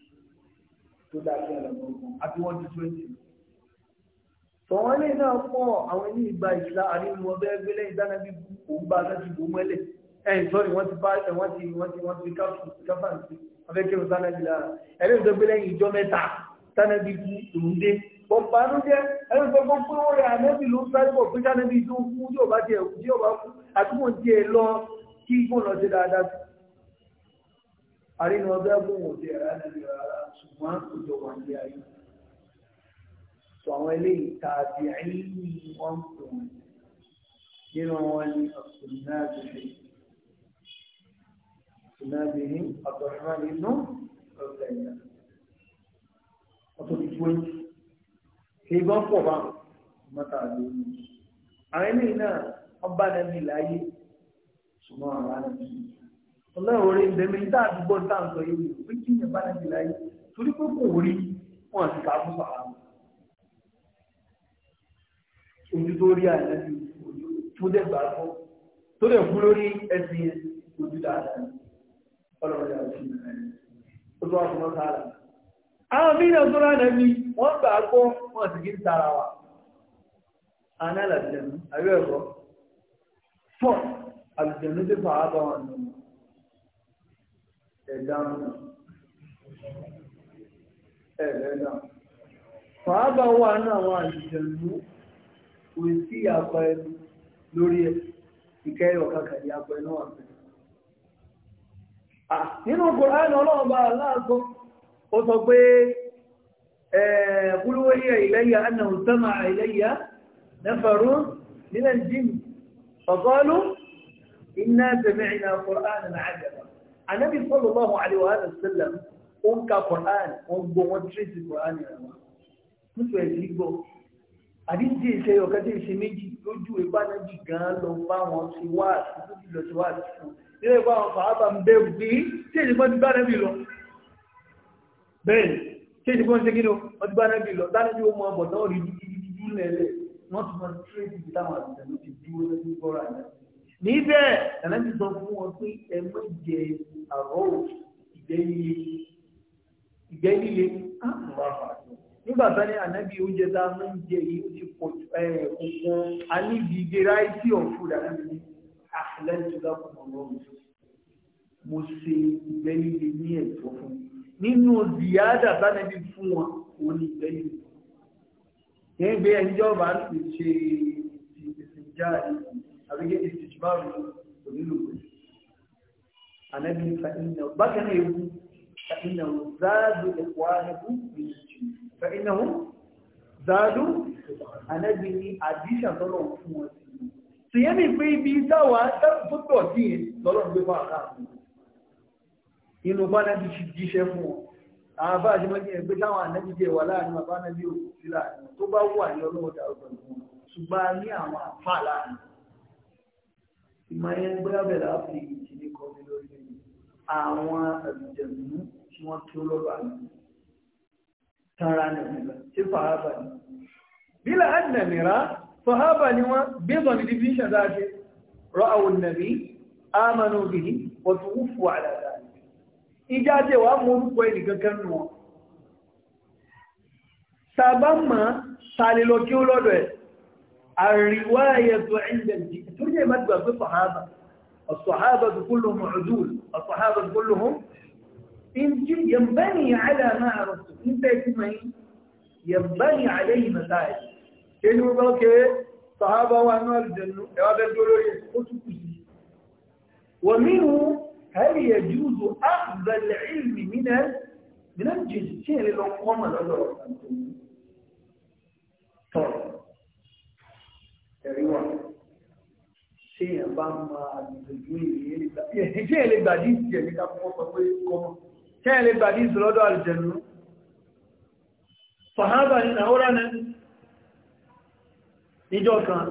tó dá sí ọ̀nà ọ̀gbọ̀n àbí wọ́n ju twenty lọ. tọ̀wọ́n lè náà pọ̀ àwọn ilé ìgbà ìṣá àríwú ọbẹ̀ gbélé ìdánábí òun bá aṣáájú bò mọ́lẹ̀ ẹ̀yìn sọ́ọ̀rì wọ́n ti bá wọ́n ti wọ́n ti wọ́n ti káfáǹsì afẹ́kẹ́rù sánábì lára ẹ̀rẹ́ ìjọ gbélé ìjọ mẹ́ta sánábì kú òun dé bọ̀m̀bà ló jẹ́ ẹni gbogbo pé ó rẹ̀ ànẹ́bì ló sáré bọ̀ pé sánábì tó kú tí ò bá tiẹ̀ kú tí ò bá kú àtúmọ̀ tiẹ̀ lọ kí gbọ́n àrínú ọdọ ẹgbọn òde ẹ̀rá níbi rárá ṣùgbọ́n òjò wà ní ayé sọ àwọn eléyìí tàbí ẹ̀yìn wọn pè wọn nínú wọn ni ọ̀sùnmáàbìnrin ọ̀sùnmáàbìnrin abdulrahman inú ọ̀sẹ̀ ìyá ọ̀tún ìdúró ìbọn pọ̀ bá mọ́ta lónìí àwọn eléyìí náà ọba nàbí láyé ṣùgbọ́n àwọn àlàbí yìí ọlọ́run orí ìbẹ̀mí tá àdúgbò tá à ń sọ yìí wò pé kí yẹn bá nàbí láyé torí pé kò rí wọn àti kàákùn sọ̀rọ̀ àwọn. ojú tó rí àyẹ̀lẹ́bí ojú tó dẹ̀ gbà fọ́ tó dẹ̀ kú lórí ẹsìn yẹn ojú dáadáa ọlọ́run yà sí ó tó wà fún wọn sára. àwọn mílíọ̀n tó rà nàbí wọ́n gbà gbọ́ wọn sì kí ń tara wa. àná làbìjẹ̀nu àbí ẹ̀kọ́ fọ́ àbìjẹ̀nu ti fà á bá wọn nù ẹ̀dáhùn ẹ̀lẹ́dáhùn. Fàábà wà ní àwọn àjẹ̀lú kò sí àpá ẹnu lórí ẹ̀ ìkẹyọ̀ kàkàrí àpá ẹnu wà pẹ̀lú. Nínú Kùránì ọlọ́ọ̀bá aláàgbọ́, ó sọ pé ẹ̀ẹ̀kúlúwẹ́yẹ ìlẹ́yà na sama ìlẹ́yà nafaru nílẹ̀ jìn. Faqalu, inna sami'na Qur'anan 'ajaba. anabi sallallahu alaihi wa sallam ó ń ka quran ó ń gbọ́ wọn tírèsì quran rẹ̀ wá nítorí ẹ̀sìn gbọ́ àdíjì ìṣe ọ̀kẹ́ tí ìṣe méjì lójú ìbánájì gan lọ bá wọn ti wá àtúntò ti lọ sí wá àtúntò nílé ìwà àwọn fàábà ń bẹ wí tí èdè kan ti bá rẹ́bì lọ bẹ́ẹ̀ tí èdè kan ti kí ni wọ́n ti bá rẹ́bì lọ dáná bí ó mọ ọbọ̀ náà rí dídí dídí lẹ́lẹ̀ wọ́n ti mọ tírèsì táwọn àtúntò ti dúró lẹ́yìn gbọ́ra náà níbẹ̀ ẹ̀lẹ́bí sọ fún wọn pé ẹ má jẹ àrọ́ ìgbẹ́ líle nígbà tó ní ànábì oúnjẹ tá a máa ń jẹ yìí ó ti pọ̀ kókó a ní the variety of food ànábì ní àfẹ́lẹ́tìlá ah, fún ọlọ́run mo ṣe ìgbẹ́ líle ní ẹ̀tọ́ fún nínú ziyada bánẹ́bí fún wọn òun ní ìgbẹ́ líle ìṣùbárù onílùkù ànábì fàínà bákan náà ewu fàínà záàdù ẹ̀kọ́ ànẹ́kù fàínà záàdù ànábì ní àdíṣà tọ́lọ̀ fún wọn sí i tìyẹ́ mi pé ibi táwa tó tọ̀ sí i lọ́lọ́ ń gbé fún àkáàmù inú bá náà ìmọ̀yẹn gbọ́dọ̀ bẹ̀rẹ̀ áfíríkì ti ní kọ́bí lórí àwọn àjẹ̀mú tí wọ́n tó lọ́ba ní tara nàìjíríà tí fàábà ní. bílẹ̀ àdìnàmìrà fàábà ni wọ́n bíbọn ní division dáadé rọ àwọn nàbí ámànú bìí wọ́tú wúfù àdàdà. ìjà jẹ́ wàá mú orúkọ ẹnì kankan nù wọn. sábà máa ó lọ́dọ̀ ẹ̀. الرواية عند ترجع ترجمت في الصحابة الصحابة كلهم عدول الصحابة كلهم انت ينبني على ما عرفته انت يسمعين ينبني عليه مسائل كان يقول لك صحابة وأنواع الجنة هذا الدولار يسقط ومنه هل يجوز أخذ العلم من من الجنس شيء للقوم الأدرار ẹ̀rí wà ṣé èèyàn bá mọ àgbègbè ìlú èyí ṣé èèyàn lè gbàdí ìjẹ ní káfíńkọ́ sọ pé kọ́mọ ṣé èèyàn lè gbàdí ìjù lọ́dọ̀ àlùjẹ̀nu fàhábà ní nàórà náà níjọ́ kan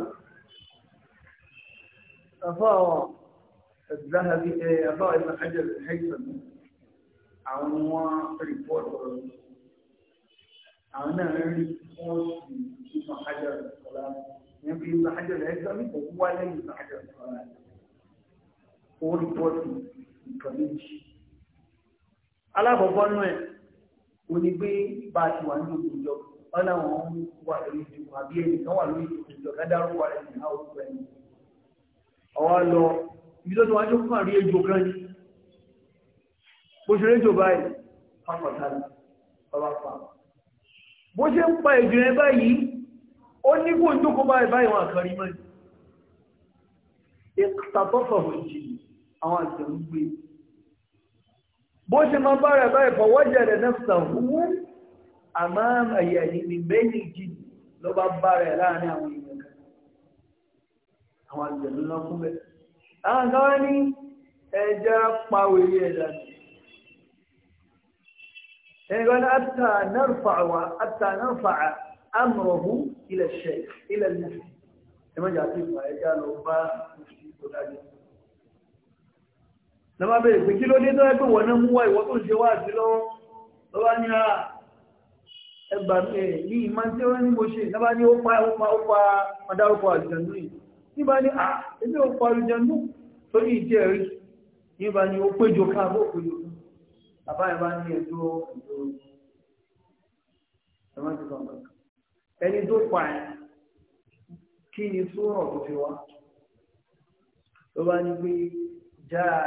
àfáà الذهبي أبا ابن حجر الهيثمي àwọn ni wọ́n rìpọ́tù ọ̀rọ̀ àwọn náà rí wọ́n sì ìmọ̀ ajá níbi ibùdó àjọyọ̀ ẹgbẹ́ mi kò wá lẹ́yìn ibùdó àjọyọ̀ ó rí bọ́ọ̀lù nǹkan méjì. alákọ̀ọ́kọ́ nú ẹ̀ kò ní pé bá a ti wà ní òkú ìjọ ọ̀nà àwọn ń wà lórí ìdìbò àbí ẹnì kan wà lórí ìdìbò ìjọ kádàrú wà lẹ́yìn náà ó pẹ́ ní. ọ̀wá lọ ibi tó ti wájú kàn rí ejò kan ní. bó ṣe rédíò báyìí pápá tálà ọba pa. bó ṣe ń pa ejò báyìí ó ní kó ń jókòó báyìí báyìí wọn àkàrí mọ́ ìtàbọ́fọ̀wọ̀ ìjì àwọn àjẹ̀mú gbé bó ṣe máa bá rẹ̀ báyìí fọwọ́jẹ̀ rẹ̀ nẹ́fẹ̀sà wú àmọ́ ẹ̀yẹ̀ ìgbẹ́ni ìjì ló bá bá rẹ̀ láàrin àwọn èèyàn kan àwọn àjẹ̀mú lọ fún bẹ́ẹ̀ àwọn kan wá ní ẹja pawèrè ẹ̀dá ẹ̀yìn kan ní àtà ilẹ̀ ṣe ilẹ̀ mufti ẹ má jà sí ìfà ẹja lọ bá mufti tó dájú. lọ́wọ́ abẹ́rẹ́ pé kí ló dé tó yẹ pé wọ́n náà mú wá ìwọ́ tó ń ṣe wá sí lọ́wọ́ lọ́wọ́ ní a ẹgbà mi ní ìmọ̀ tí wọ́n ní mo ṣe lọ́wọ́ ní ó pa ó pa ó pa adarúkọ àlùjànnú yìí nígbà ní a ebi ó pa àlùjànnú torí ìjẹ́ rí nígbà ní ó péjọ káàbọ̀ péjọ bàbá yẹn bá ní ẹjọ́ ẹjọ́ ẹ má ti sọ nǹkan ẹni tó pa ẹ kí ni súnrọ̀ tó fi wá ló bá ní pé jáà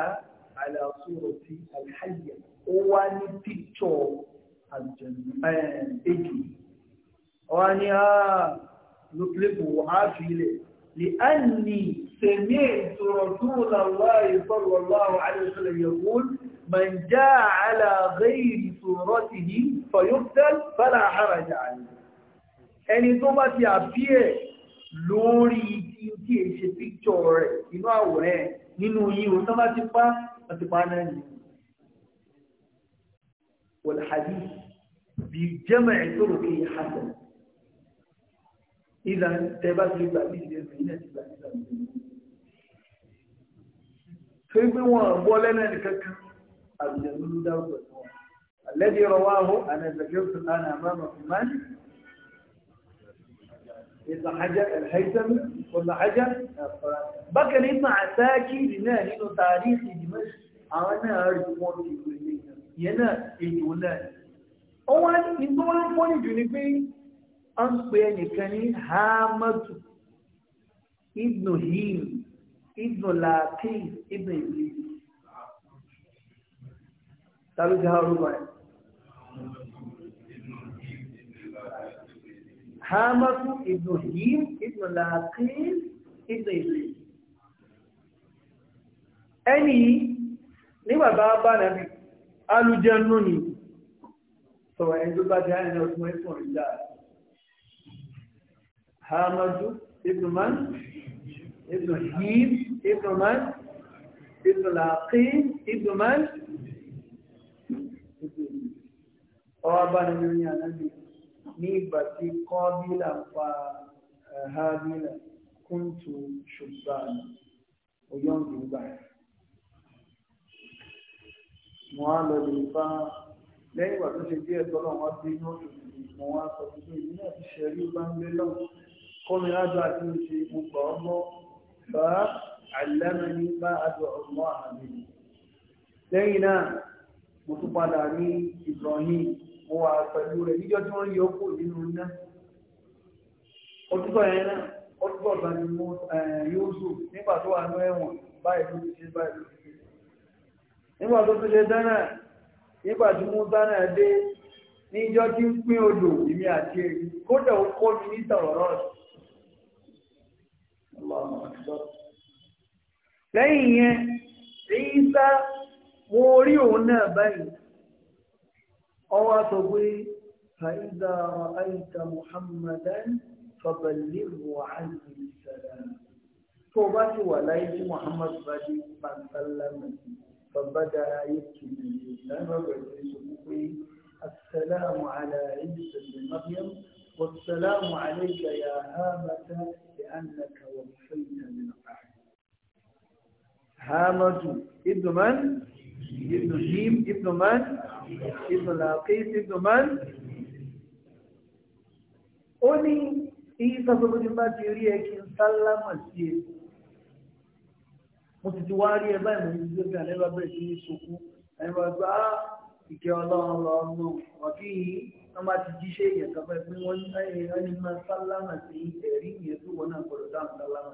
àlàsúrò sí àlìhàyè ó wá ní píkṣọ àjẹjù ọwá ní lókèlépò á fi ilẹ̀ lè á ní sẹ̀mí ìṣòro tó lọ́wọ́ ìfọ̀rọ̀ lọ́wọ́ àdìsọ́lẹ̀ yẹ̀wò من جاء على غير صورته فيقتل فلا حرج عليه ẹni tó bá ti àbíẹ̀ lórí tí tí è ṣe píkṣọ rẹ̀ inú àwòrán ẹ̀ nínú yìí òun tó bá ti pa àti pa náà ni wàlhàdí bí jẹ́mọ̀ ẹ̀ tó rògbé hasan ìlà tẹ́ bá ti gbà bí ìdẹ́ sí ilẹ̀ ti gbà nígbà gbé wọn bọ́ lẹ́nà nìkan kan àbùdẹ̀ pẹ̀lú wọn alẹ́ rọwọ́ àhó àná ìgbàgbé ابن حجر الهيثمي ابن حجر بكر ابن عساكي لنا لأنه تاريخ دمشق أنا أرجو موت يقول ينا يقولنا أولا إنه فوني جنبي أن بيني كان هامت ابن هيم ابن لاتيف ابن إبليس تعالوا جهاروا hamatu ibnu him ibnu laqin ibnu ilé ẹni nígbà bá bá nàbí alùjẹnu ni sọ̀rọ̀ ẹni tó bá ti hàn ní ọdún ẹ̀fọ́n ìjà hamatu ibnu man ibnu him ibnu man ibnu laqin ibnu man ọwọ́ bá nàbí ní ní ìgbà tí kọ́bílà ń pa hábílà kúntù ṣùgbọ́n òyọ́ǹgì ń gbà yẹn mo á lọ lè bá lẹ́yìn ìgbà tó ṣe díẹ̀ tọ́lọ̀ wọn bí inú mo wá sọ pé èmi náà ti ṣe bá ń gbé lọ́wọ́ kọ́mi ájọ àti mo ṣe mo gbà ọ́ mọ́ bá àlẹ́mẹ́ni bá àjọ ọ̀gbọ́n àmì lẹ́yìn náà mo tún padà ní Ibrahim mo wà pẹ̀lú rẹ̀ níjọ́ tí wọ́n yọ kó nínú iná ọdúgbò yẹn náà ọdúgbò ọ̀gá ni mo yóò sù nígbà tó wà ní ẹ̀wọ̀n báyìí ló báyìí ló ti ṣe nígbà tó ti nígbà tí dé níjọ́ tí ń pín odò èmi àti èyí kódà ó kọ́ mi ní ọ̀rọ̀ lẹ́yìn yẹn èyí sá mo rí أو أواتبوي فإذا رأيت محمدا فبلغه عنه السلام توبات ولايت محمد بدي من سلم فبدأ يبكي من الإسلام السلام على عيسى بن مريم والسلام عليك يا هامة لأنك وفيت من أحد هامة ابن من؟ ابن جيم ابن من ابن العقيس ابن من ó ní ìyíká tó lójú bá ti rí ẹ kí n sálámà sí ẹ mo ti ti wá rí ẹ báyìí mo ti ti gbé àlẹ́ bá bẹ̀rẹ̀ sí ní sọkún ẹni bá gbá ah, ìkẹ́ ọlọ́run lọ́rùn ọ̀kí yìí wọ́n bá ti jíṣẹ́ èèyàn kan bẹ́ẹ̀ pé wọ́n ẹni máa sálámà sí ẹ̀rí ìyẹn tó wọ́n náà gbọ́dọ̀ dáhùn sálámà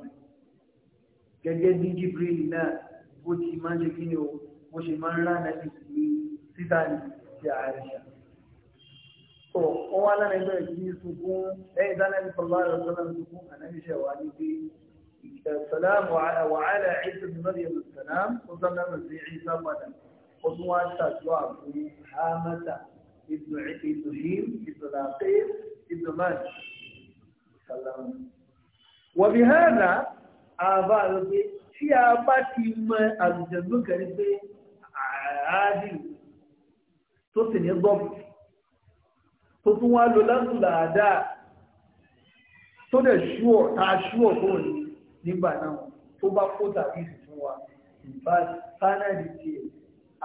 gẹ́gẹ́ bí Jibril náà ó ti máa ń ṣe kí ni o bó ṣe máa ń rán nàbí síta ní ti àìṣà tó wọn wá lára ẹgbẹ́ ìdílé sunkún lẹ́yìn dánilẹ sọlá rẹ sọlá sunkún ànábì ṣe wà ní pé السلام وعلى عيسى بن مريم السلام وصلى في عيسى بدر وسوى الشجوع في حامة ابن ابن هيم ابن لاقيس ابن مالك سلام وبهذا àbá rẹ̀ pé tí a bá ti mọ àlùjẹ̀gbọ́n kẹrin pé àádìl tó sì ní gbọ́mù tó tún wá lo lásù làádáa tó dẹ̀ ṣúọ̀ tá a ṣúọ̀ tó ní nígbà náà tó bá kó tàbí ìsìn wa ìbá sánàdì tí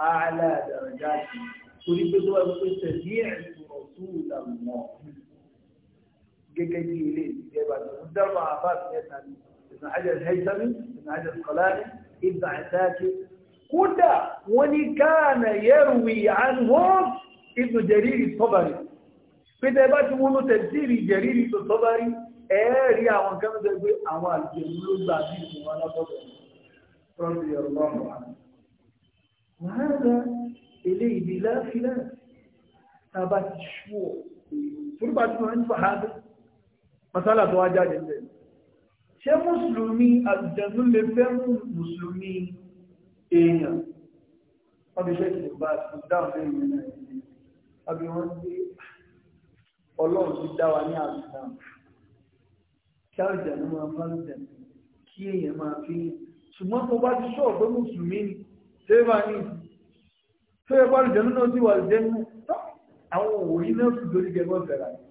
àálà àdàràjá sí torí pé tó wá pé tẹ̀lé ẹ̀sùn ọ̀tún ìlànà gẹ́gẹ́ bí ilé ìjẹba tó ń dábàá àbá àti ní ìsìn ìsìn ní ìgbà àtàkì kódà wọ́n ní káànà yẹ́rùwì àánúhùn ibn jẹ̀rìrì tọ́bàrí pẹ́tẹ́ bá ti wọ́n tẹ̀sírì jẹ̀rìrì tó tọ́bàrí ẹ̀ẹ́rí àwọn kẹ́mẹ́tẹ́ pé àwọn àjẹ̀mú ló gbà bí ìfún wọn látọ́bẹ̀ rọ́bì ọlọ́run wàhálà ilé ìdí láfíà tábà ti ṣú ọ torípa tí mùsùlùmí àjẹ̀mú lè fẹ́ mú mùsùlùmí èèyàn wọ́n fi ṣẹ́kì bá ti dáhùn lẹ́yìn náà àbí wọ́n ti ọlọ́run ti dá wa ní àbùdá kí àrùjá ló máa bá lùdà kí èèyàn máa fi ṣùgbọ́n tó bá ti ṣọ́ọ̀ pé mùsùlùmí ni ṣé bá ní ṣé ẹ bá lùdà náà ti wà lùdà nù àwọn òwòrí náà sì lórí gẹ́gọ́ bẹ̀rẹ̀ àti.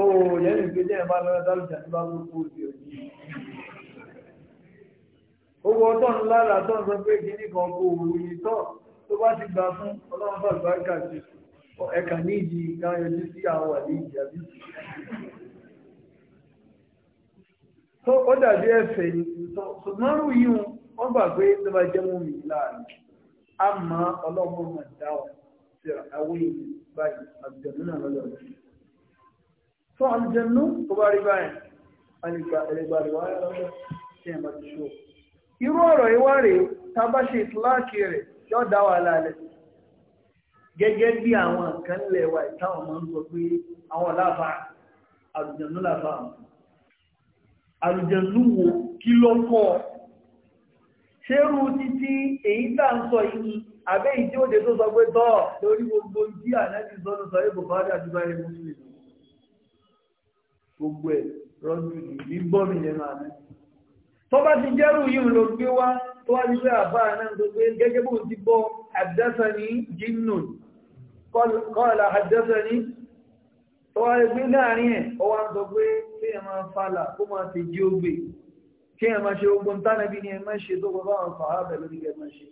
Oòrùn yẹn nìgbésẹ̀ bá lọ́dọ̀ àlùjá ní bá gbogbo òbí owó ọtọ́ ńlára tó ń sọ pé kíní kan kó òwò yìí tọ́ tó bá ti gbà fún ọlọ́run fàlùbáríkà sí ẹ̀ka nídi ìdáyọjú sí àwọn àlejò àbí. tó ó dàbí ẹ̀fẹ̀ ṣùgbọ́n rú yìí wọ́n gbà pé tó bá jẹ́ mú mi láàrin a mọ ọlọ́run mọ̀ dá ọ sí àwọn èèyàn báyìí àbùjọ̀nú náà lọ́dọ̀ rẹ̀. tó àbùjọ̀nú tó bá rí báyìí a lè gba ẹ̀rẹ̀gbàlùwárẹ̀ lọ́dọ̀ tí ẹ̀ máa ti ṣòro. irú ọ̀rọ̀ ìwá rẹ̀ tàbáṣe ìtìláàkì rẹ̀ yóò dá wà lálẹ́ gẹ́gẹ́ bí àwọn nǹkan lẹ̀ wà ìtàwọn ọmọ ń sọ pé àwọn láfa àlùjànnú láfa àlùjànnú wo kí ló kọ́ ṣérú títí èyí tá ń sọ yìí àbẹ́ ìdí òde tó sọ pé tọ́ lórí gbogbo ìdí ànájì sọ́nù sọ èbò bá dà dúbà ilé mùsùlùmí gbogbo ẹ̀ rọ́jú tó bá ti jẹ́rù yìí ló gbé wá tó wá ti gbé àbá náà tó gbé gẹ́gẹ́ bó ti bọ́ àdásani jinnun kọ́ọ̀lá àdásani tó wá ti gbé láàrin ẹ̀ ó wá ń sọ pé kí ẹ máa falà kó máa ti jí ó kí ẹ máa ṣe ogun tánàbí ni ẹ máa ṣe tó gbọ́ báwọn fàábẹ̀ lórí ẹ máa ṣe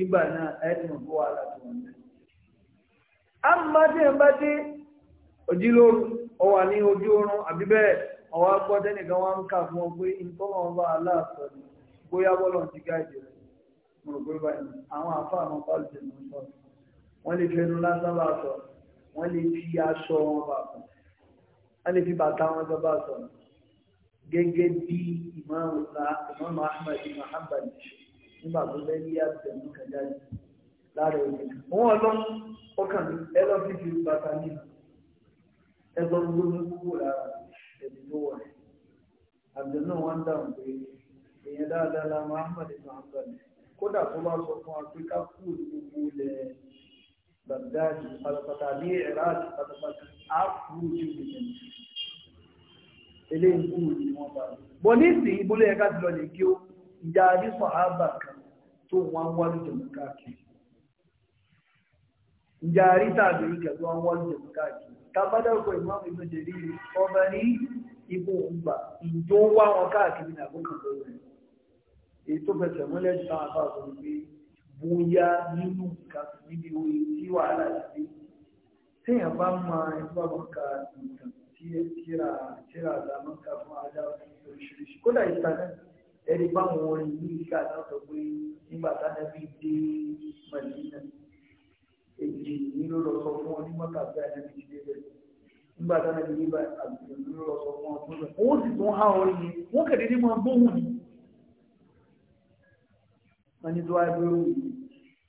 ìgbà náà ẹni mọ̀ wà láti wọn a máa dé ẹ bá dé òjìlóru ọwà ní ojú oorun àbí bẹ́ẹ̀ ọwọ́ agbọ́dẹ́ nìkan wá ń kà fún ọ pé ìtọ́wọ́ ọba aláàfọ ni bóyá bọ́lọ̀ ti gáàjì rẹ̀ mo rò pé báyìí àwọn àfa àwọn bá lè mú sọ wọ́n lè fẹnu lásán bá sọ wọ́n lè fi aṣọ wọn bá wọ́n lè fi bàtà wọn jọ sọ gẹ́gẹ́ bí ìmáàmù Ahmad Muhammad nígbà tó bẹ́ẹ̀ ní àtẹ̀mú kẹjáde láàrẹ̀ òní. Wọ́n lọ ọkàn ẹlọ́fíìsì bàtà nínú ẹgbọ́n gbogbo ẹni tó wà àgbẹ̀ náà wọ́n ń dáhùn pé èèyàn dáadáa la Muhammad Muhammad kódà tó bá sọ fún Áfíríkà kú gbogbo ilẹ̀ Baghdad pátápátá àbí Iraq pátápátá á kú ojú ìgbìyànjú eléyìí kú ni wọ́n bá rí. bọ́ nísìnyí bólú ẹ̀ka ti lọ lè gé o ìjà àdìsọ̀ àbà kan tó wọ́n wá lójọ̀mọ́ káàkiri ìjà àríta àbẹ̀rẹ̀ kẹ̀ tó wọ́n wá lójọ̀mọ́ káàkiri tá a bá dárúkọ ìmáàmù Ibn Jarir ọba ní ipò òǹgbà ìjó wá wọn káàkiri ní àkókò tó rẹ̀ èyí tó fẹsẹ̀ múlẹ̀ jù náà bá sọ pé bóyá nínú nǹkan níbi orí tí wàhálà sí téèyàn bá máa ń bá wọn ka nǹkan tí ẹ tíra tíra àdámọ́ ká fún ajá oríṣiríṣi kódà ìtànà ẹni báwọn orin yìí ká náà sọ pé nígbà táwọn èjì nínú lọ sọ fún ọ ti dé bẹ́ẹ̀ nígbà táwọn yíba lọ ọ tó bẹ́ẹ̀ ọ yìí wọ́n kẹ̀dé ní máa gbóhùn ni. wọ́n ní tó wáyé pé ó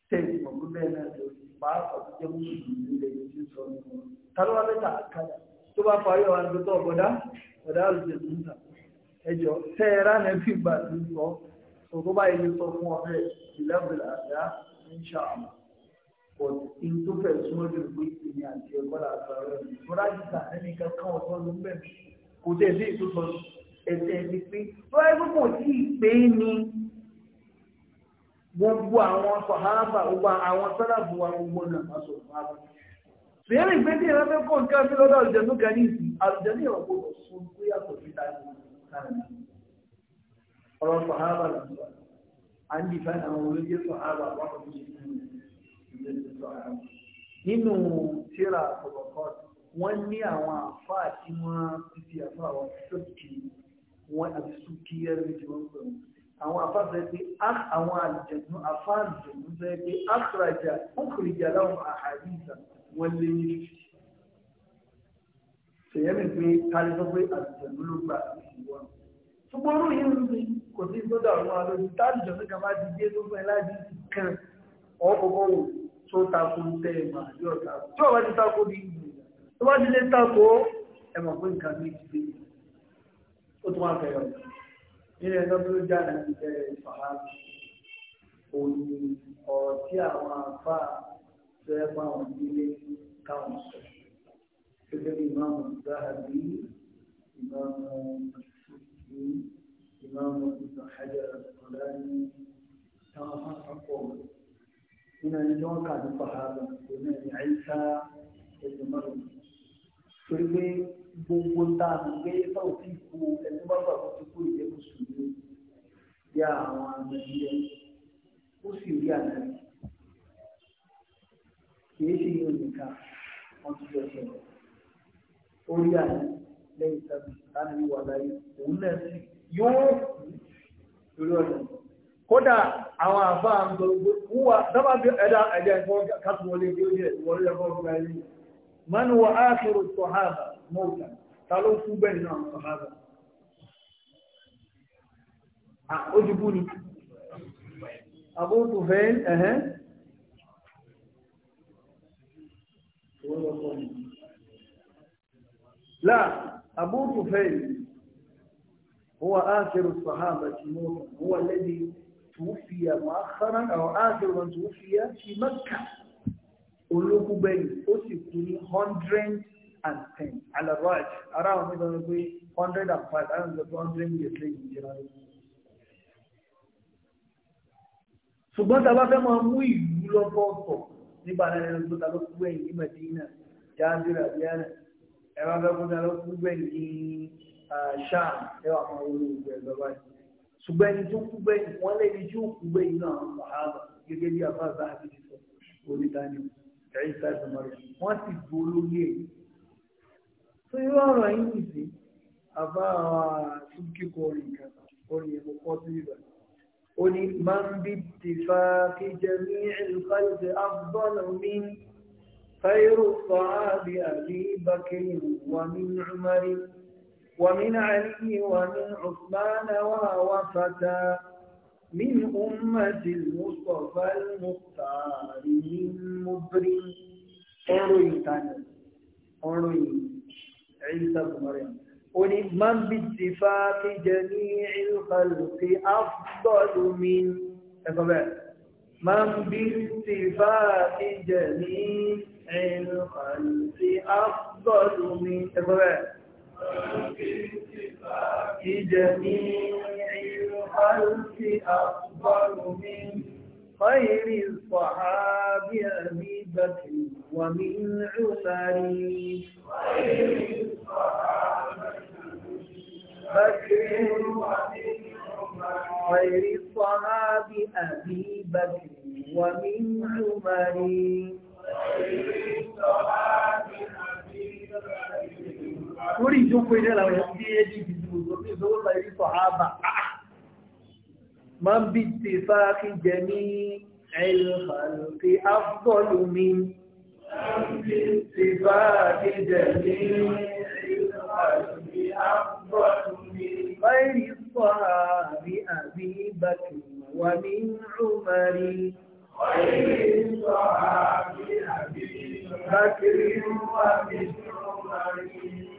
tẹ̀sí mọ̀ bẹ́ẹ̀ náà ló ti pa jẹ́ mùsùlùmí ilẹ̀ yìí ti sọ wọn. wá bẹ́ẹ̀ tó bá parí ọ̀dá àlùjẹ̀ but in tó fẹ́ súnmọ́ lè gbé ìsinmi àti ẹ̀kọ́ làtọ̀ rẹ̀ rọ́dà jìtà ẹnì kankan ọ̀tọ́ ló ń bẹ̀ mí kò tẹ̀ sí ìtúsọ ẹsẹ̀ ẹni pé lọ́wọ́ ẹgbẹ́ kò tí ì pé ni gbogbo àwọn sọ̀hábà gbogbo àwọn sọ́dàbù wa gbogbo náà má sọ̀rọ̀ fún abọ́. Sèyẹ́nì pé tí ìrẹ́pẹ́ kò ń ká sí lọ́dọ̀ àlùjẹ̀nú kan ní ìsìn àlùjẹ̀nú ìwọ̀n kò lọ sún tó yàtọ̀ sí táyà ọ̀rọ̀ sọ̀hábà làǹtọ̀ à ń àwọn olóyè sọ̀hábà wà nínú tíra protocol wọ́n ní àwọn àfáà tí wọ́n ti fi àfáà wọn sókè wọn àti sókè ẹrú tí wọ́n pè wọ́n àwọn àfáà fẹ́ pé ah, àwọn àlùjẹ̀nu àfáà àlùjẹ̀nu fẹ́ pé àkùràjà òkùrìjà láwọn àhàdìsà wọ́n lé ní fífi sèyẹ́mì pé kárí sọ pé àlùjẹ̀nu ló gba ìwọ́n ṣùgbọ́n orú yìí ń bí kò sí tó dàrú wọn lórí táàlùjẹ̀nu kan tó takò tẹ́ ìmọ̀ àbí ọ̀tá tí ọ̀wá ti takò ní ìlú tó bá ti lé takò ẹ̀mọ̀ pé nǹkan ní ìdílé ó tún wá fẹ́ràn nínú ẹ̀dọ́ tó ló jáde àti bẹ̀rẹ̀ ìfàhàmì òní ọ̀rọ̀ tí àwọn àfa tó ẹ̀ pa àwọn ìdílé táwọn sọ gẹ́gẹ́ bí ìmáàmù Zahabi ìmáàmù Sùkì ìmáàmù Ibn Hajar Al-Asqalani táwọn afáfá pọ̀ wọ́n nínú ẹni tí wọ́n kà ní fàhálà kò ní ẹni àyíká ẹni mọ́rin torí pé gbogbo tá a mọ̀ pé bá ò tí kú ẹni bá bà kó ti kú ìyẹn kò sùn ní bí àwọn amẹ́yẹ ó sì rí àná kìí ṣe yóò nìkan wọ́n ti jọ ṣẹlẹ̀ ó rí àná lẹ́yìn tábìlì láti wà láyé òun náà sì yóò kú lórí ọ̀nà yìí kódà àwọn àbá àgbàgbà dábà bí ẹ̀dá ẹ̀dá ẹ̀kọ́ kásùwọlé bí ó yẹ wọlé ẹ̀kọ́ ọ̀rọ̀ ẹ̀yìn man wa akhiru sọ̀hábà mọ́ta ta ló fún bẹ́ẹ̀ náà sọ̀hábà ojúbú ni àbúrúkú fẹ́ ẹ̀hẹ́n láà àbúrúkú fẹ́ هو آخر الصحابة موتا هو الذي توفي مؤخرا أو آخر من توفي في مكة olókú gbẹ̀yìn ó sì 110، على hundred and ten alaraj 105، àwọn ọmọdé wọn pé hundred and five ara àwọn ọmọdé hundred years lẹ́yìn ìjọba rẹ̀. ṣùgbọ́n tá a bá fẹ́ máa mú ìlú lọ́tọ̀ọ̀tọ̀ nígbà náà ẹni tó ta ló kú gbẹ̀yìn ní Medina jazira biana ẹ bá fẹ́ kó ta ló kú gbẹ̀yìn ní Sham ẹ máa wọlé ìgbẹ́ lọ́wọ́ yìí ṣùgbọ́n ẹni tó kú gbẹ̀yìn wọ́n lẹ́ni tí ó kú gbẹ̀yìn náà sàhábà gẹ́gẹ́ bí àbáàbá àti ìsọ onídàáníò ẹ̀yìn sáàtì mọ́rẹ̀ wọ́n sì bu olóyè èyí. tó irú ọ̀rọ̀ yìí nì sí àbá súnkíkọ orin kan orin ẹ̀kọ́ pọ́ sí ibà. ó ní máa ń bí tìfa kí jẹ́mí ìlúkàlùsì àbọ̀nà mi fẹ́rù sọ́ábì àbí bákẹ́yìn ومن علي ومن عثمان ووفتا من أمة المصطفى المختار من مبرم أروي تاني أروي عيسى بن مريم ولمن باتفاق جميع الخلق أفضل من من باتفاق جميع الخلق أفضل من خير الصحاب أبي بكر ومن عمر خير أبي بكر ومن خير الصحاب أبي بكر ومن عمر orí ìjókòó ilé làwọn èèyàn bí ẹjì ìdìbò lórí ìdówó lọ ìrí sọ̀hábà ah, ah. máa ń bí ti fáàkì jẹ ní ẹ̀lùfàlùkì afdọ́lù mi ti fáàkì jẹ ní ẹ̀lùfàlùkì afdọ́lù mi báyìí sọ̀hábì àbí bàkì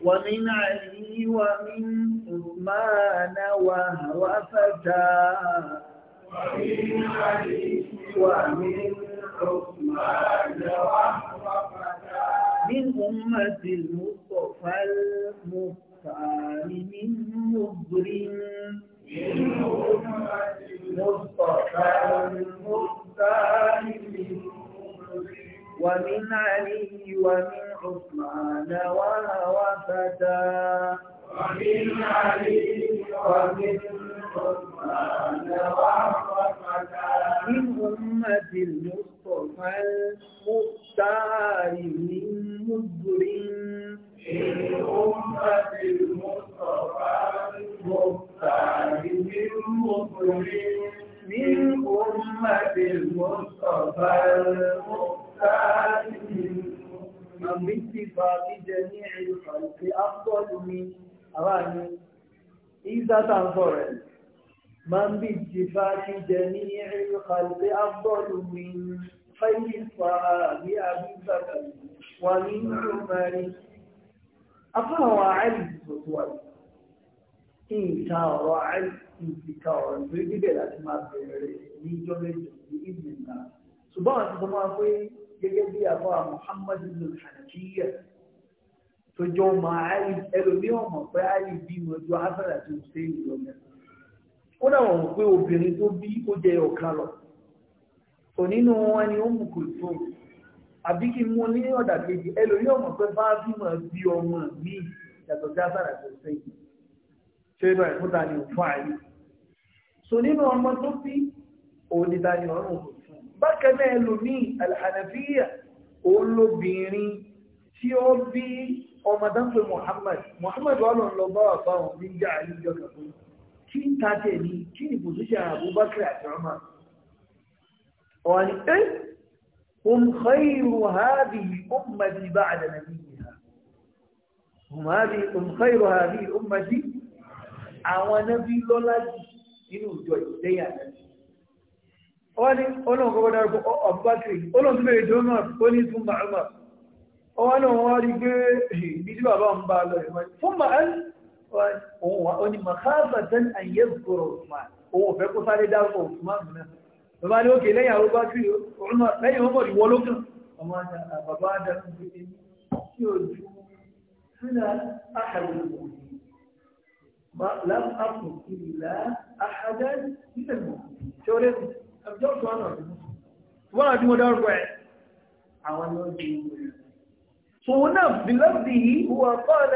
ومن علي ومن عثمان وهو فتى ومن علي ومن وهو فتى من أمة المصطفى المختار من مضر من أمة المصطفى المختار من مضر ومن علي ومن عثمان وهوفتا ومن علي ومن من أمة المصطفى المختار من مدبر من أمة المصطفى المختار من من أمة المصطفى المختار من باتفاق جميع الخلق أفضل من أغاني إذا تنظر من باتفاق جميع الخلق أفضل من خير الصحابة أبي بكر ومن عمر أفهو علي بن ìta ọ̀rọ̀ àìsíkà ọ̀rọ̀ nítorí bíbẹ̀ láti máa bẹ̀rẹ̀ ní ìjọ méjì ní ìdìnnà ṣùgbọ́n àti tó máa pé gẹ́gẹ́ bí àbá Muhammad ibn Hanafiya tó jọ máa àì ẹlòmíràn mọ̀ pé àì bí mo ju afẹ́rẹ́ àti hussein lọ mẹ́ta ó dàwọn mọ̀ pé obìnrin tó bí ó jẹ ọ̀ka lọ kò nínú wọn ni ó mú kò tó àbí kí mo ní ọ̀dà kejì ẹlòmíràn mọ̀ pé bá bí mo bí ọmọ mi yàtọ̀ sí afẹ́rẹ́ àti hussein ṣé báyìí fún dání òfún àyè so nínú ọmọ tó bí òun ni dání ọrùn òfún bákan náà ẹlòmíì alhànàfíà olóbìnrin tí ó bí ọmọ dáńpé Muhammad Muhammad wà lọ lọ bá wà fáwọn níjà àyíjọ kàkó kí n ta tẹ̀ ní kí ni pòsíṣà Abubakar àti ọmọ wọ́n ni ẹ́ هم خير هذه أمتي بعد نبيها هم, هذه هم خير هذه أمتي àwọn anábí lọ́lá jù nínú ìjọ ìlẹ́yìn ànábì wọ́n ní ọlọ́run kọ́kọ́ dárúkọ ọ̀bùbákiri ọlọ́run tó bèèrè dóná ó fún màámà ọwọ́ náà wọ́n rí gbé ibi tí bàbá ń bá lọ ìwọ̀n fún màámà ó ní لم أطلب إلا أحدا من المؤمنين شوري أبدأت أنا المسلم وأنا أجمد أربع عوان بلفظه هو قال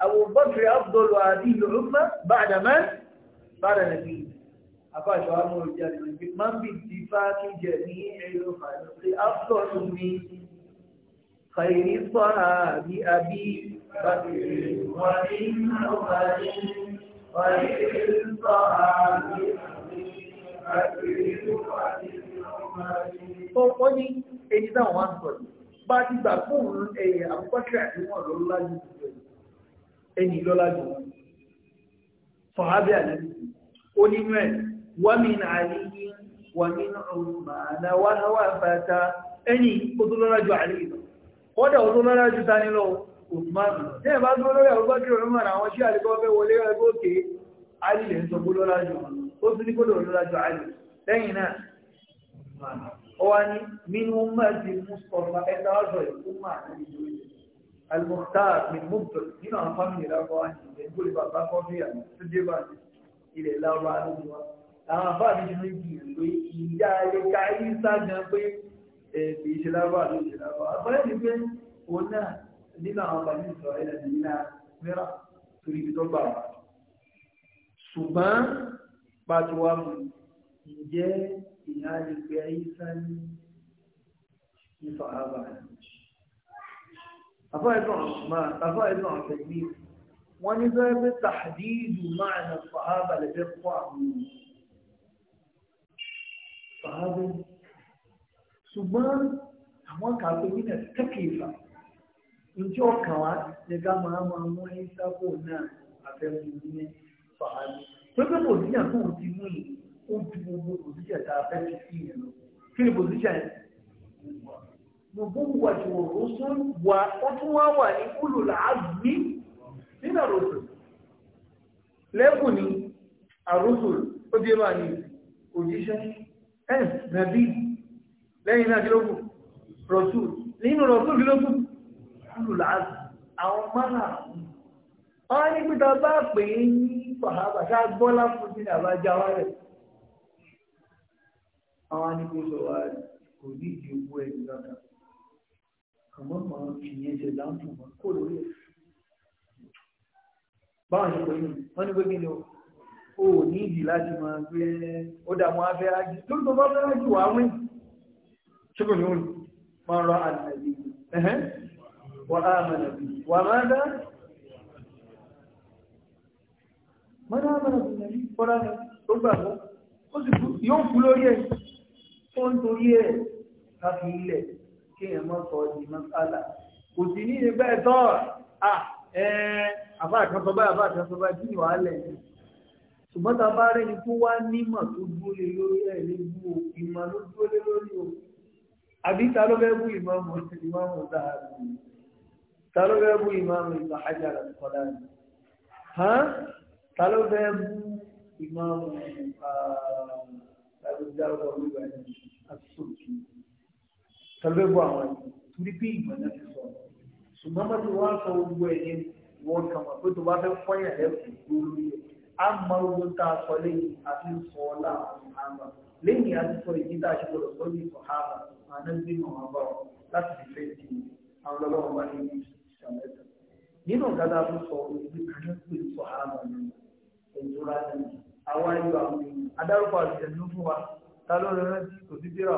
أبو بكر أفضل وهذه العمة بعد من؟ بعد نبيه أفاش أمر الجنة من باتفاق جميع الخلق أفضل من خير الصحابي أبي بكر وإن خير Ọ̀pọ̀ ní ẹni dáwọn wá ń sọ yìí, bá ti gbà fún ẹ̀yẹ àpapọ̀kẹ́ àti wọn lọ lájú ẹni lọ́lájú. Fọ̀hábí àlẹ́bí, ó nínú ẹ̀, wà àríyí, wà ẹni ó tó òmùmánù tí ẹ̀ bá dúró lórí àwọn gbọ́kì òmùmá àwọn sí àlekọ́ fẹ́ wọlé ẹgbẹ́ òkè alì lè ń sọ gbóló lájọ ó tún ní gbóló lájọ alì lẹ́yìn náà ó wá ní mínú mẹ́sì mustapha ẹ̀ta ọ̀sọ̀ ìkúmà almukhtar min mubtọ nínú àwọn fámìlì lápá wá ní ilẹ̀ ìgbòlè bàbá kọfí àti tó dé bá ilẹ̀ lábá lójú wa لما رمضان إسرائيل لما أكبر تريد الضرب سبان باتوا إنجا إنها لكيسا لصحابة أفا إذن عثمان أفا إذن عثمان ونزل بالتحديد معنى الصحابة لبقى صحابة سبان أمان كاتبين التكيفة njẹ́ ọkàn wa ni ká máa máa mú ìsákò náà àfẹ́mú ní fàálù pépé pòsíṣà tó o ti mú yìí ó ju gbogbo pòsíṣà tá a fẹ́ fi sí yẹn lọ kí ni pòsíṣà yẹn gbogbo wà ṣòro ó tún wà ó tún wá wà ní kúlò làágbé nínú àròsọ lẹ́kùn ní àròsọ ó dé máa ní òjíṣẹ́ ẹ̀ nàbí lẹ́yìn náà kí ló nínú rọ̀tù kí ulul azm àwọn mọ́nà wọn ní pípa bá pè é ní fàhábà tá a gbọ́ láfún sí ní àbájá wa rẹ̀ àwọn anìkóso wa kò ní ìdí owó ẹ̀ nígbàkan àmọ́ màá fi yẹn ṣe láǹfù mọ́ kó lórí ẹ̀ báwọn ṣe pè é ní ni o o ò ní ìdí láti máa gbé ó dààmú afẹ́ tó bá fẹ́ ájú wàá wí kò ní òun máa ra àdìmẹ́lì وآمن به وماذا من آمن بالنبي قرآن olùgbàgbọ́ ó sì yóò kú lórí ẹ̀ tó ń torí ẹ̀ káfí ilẹ̀ kí èèyàn mọ́ sọ di mọ́sálà kò sí ní ẹgbẹ́ ẹ̀tọ́ à ẹ̀ àbáàkàtọ́ báyìí àbáàkàtọ́ báyìí kí ni wàá lẹ̀ ní ṣùgbọ́n tá a bá rẹ́ni tó wá nímọ̀ tó dúró lé lórí ẹ̀ lé bú o ìmọ̀ ló dúró lé lórí o àbí ta ló fẹ́ bú ìmọ̀ mọ̀ ìmọ̀ mọ̀ dáadáa ta ló fẹ́ bú ìmáàmù Ibn Hajar al-Asqalani ta ló fẹ́ bú ìmáàmù àgbẹ̀dárúkọ wíwá àtúntò ta ló fẹ́ bú àwọn torí pé ìmọ̀ náà ti sọ ṣùgbọ́n bá ti wá sọ gbogbo ẹ̀ ní wọ́n kàn wá pé tó bá fẹ́ fọ́yàn lẹ́kùn lórí ẹ̀ á mọ owó tá a sọ lẹ́yìn àti sọ ọ́ láàrín àmà lẹ́yìn àti sọ ìdí tá a ṣe gbọdọ̀ sọ́ọ́ ní ìfọ̀hárà àná gbé mọ̀ wá bá ọ láti fi fẹ́ di àwọn ọlọ́wọ́ bá ní ìlú nǹkan mẹ́ta nínú nǹkan tá a tún sọ òbí kan pè ní sọ àmà ní ìtura ní àwa ìlú àwọn adárúkọ àlùjẹ̀nu fún wa ta ló rẹ rántí kò sí bírà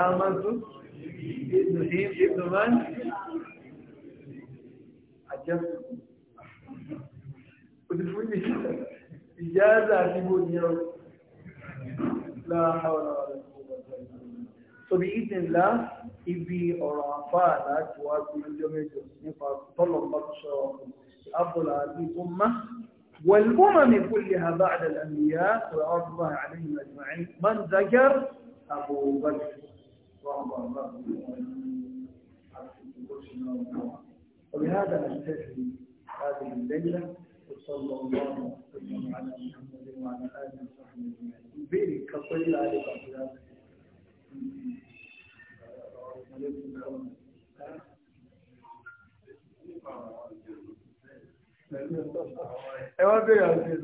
àmàtú ìdùnnú ìdùnnú àjẹsùn òdìfún ní ìjà ẹ̀dá àti ìbò ní ọ̀rọ̀ láàárọ̀ so bi idin la ibi ọ̀rọ̀ àfáà láti wá sí ọjọ́ mẹ́jọ nípa tọ́lọ̀mọ́sọ abúlàbí ọmọ والأمم كلها بعد الأنبياء صلوات الله عليهم أجمعين من ذكر أبو بكر رحمه الله وبهذا ننتهي هذه الليلة وصلى الله وسلم على محمد وعلى آله وصحبه أجمعين بإذن كثير عليكم ẹ wá bèèrè àti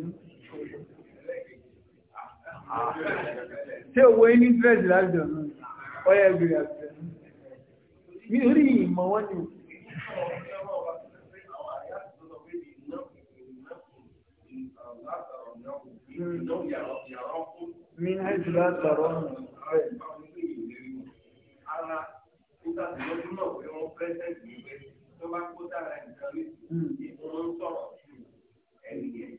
tí owó ní interest láti ọ̀nà ọ̀yẹ́ bèèrè àti ìlú mi rí ìmọ̀ wọ́n ni من حيث لا ترون kódà tó lọ́dún náà pé wọ́n pẹ́sẹ̀ntì ìwé tó bá kó dára nǹkan lé sí i wọ́n ń sọ̀rọ̀ sí ẹnì yẹn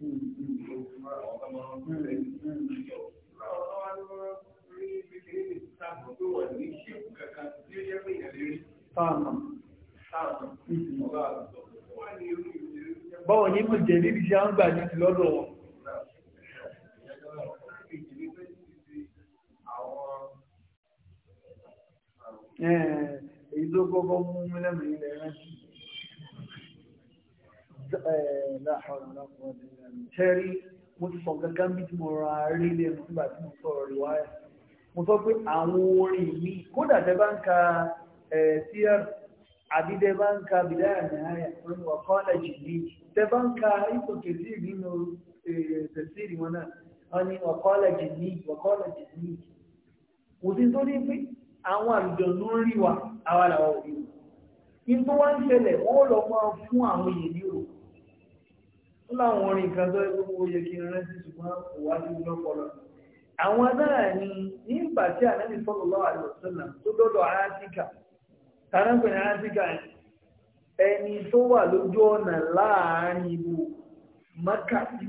ìlú fúnra ọ̀gá máa ń fẹ́ ìjọ. báwo lọ́wọ́ ni wọ́n rí kékeré lè ta gbogbo wọn ní ṣe kankan tí ó yẹ pé ìyẹn lè rí. fáàmù fáàmù hmm, hmm. ọ̀gá àgbọ̀ wọ́n irú ìrírí. báwo ni mo jẹ́ níbi iṣẹ́ àwọn gbà ní ti lọ́dọ̀ wọn. èyí ló kọ́kọ́ mú mílẹ̀mù ilẹ̀ rántí tẹ́rí mo ti sọ kankan bí tí mo ra rí ilé ẹnu nígbà tí mo sọ̀rọ̀ rí wáyà mo sọ pé awon orin mi kódà tẹ bá ń ka tíẹ́rù eh, àbí tẹ bá ń ka bìdáyà nìyáyà orin wà kọ́lẹ̀jì nka tẹ bá ń ka ipò kẹsì ni wà kọ́lẹ̀jì ní àwọn àjọ̀nú ń rí wa àwọn àwọn òbí wọn nígbó wá ń ṣẹlẹ̀ wọ́n lọ máa fún àwọn èèyàn ní òkú ó láwọn orin kan tó ẹgbẹ́ owó yẹ kí n rántí ṣùgbọ́n kò wá sí àwọn ni nígbà tí ànábì sallallahu alaihi wasallam tó dọ́dọ̀ arátíkà tànápẹ̀ ní ẹni tó wà lójú ọ̀nà láàárín ibò Mẹ́kà sí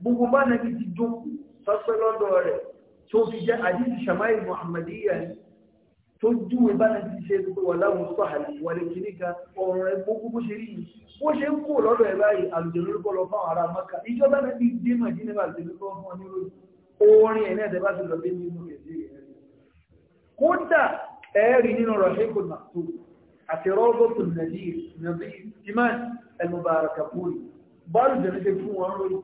gbogbo bá nàbí ti jókòó sọ́sọ́ lọ́dọ̀ rẹ̀ tó fi jẹ́ tó júwe bá náà ti ṣe gbogbo wà láwọn sọ́hàlì wàlẹ̀ kìíní kan ọ̀rọ̀ ẹ̀ gbogbo bó ṣe rí yìí bó ṣe ń kó lọ́dọ̀ ẹ̀ báyìí àlùjẹ̀lú kọ́ lọ fáwọn ará maka ìjọba náà ti dé mà jí nípa àlùjẹ̀lú kọ́ fún ọ ní lójú orin ẹ̀ náà tẹ́ bá ti lọ dé nínú rẹ̀ sí rẹ̀. kódà ẹ̀ẹ́rì nínú rọ̀ṣẹ́kù nàtó àti rọ́bọ̀tù nàdír nàdír tìmáà ẹ̀mùbàràkàpọ̀lì báàlù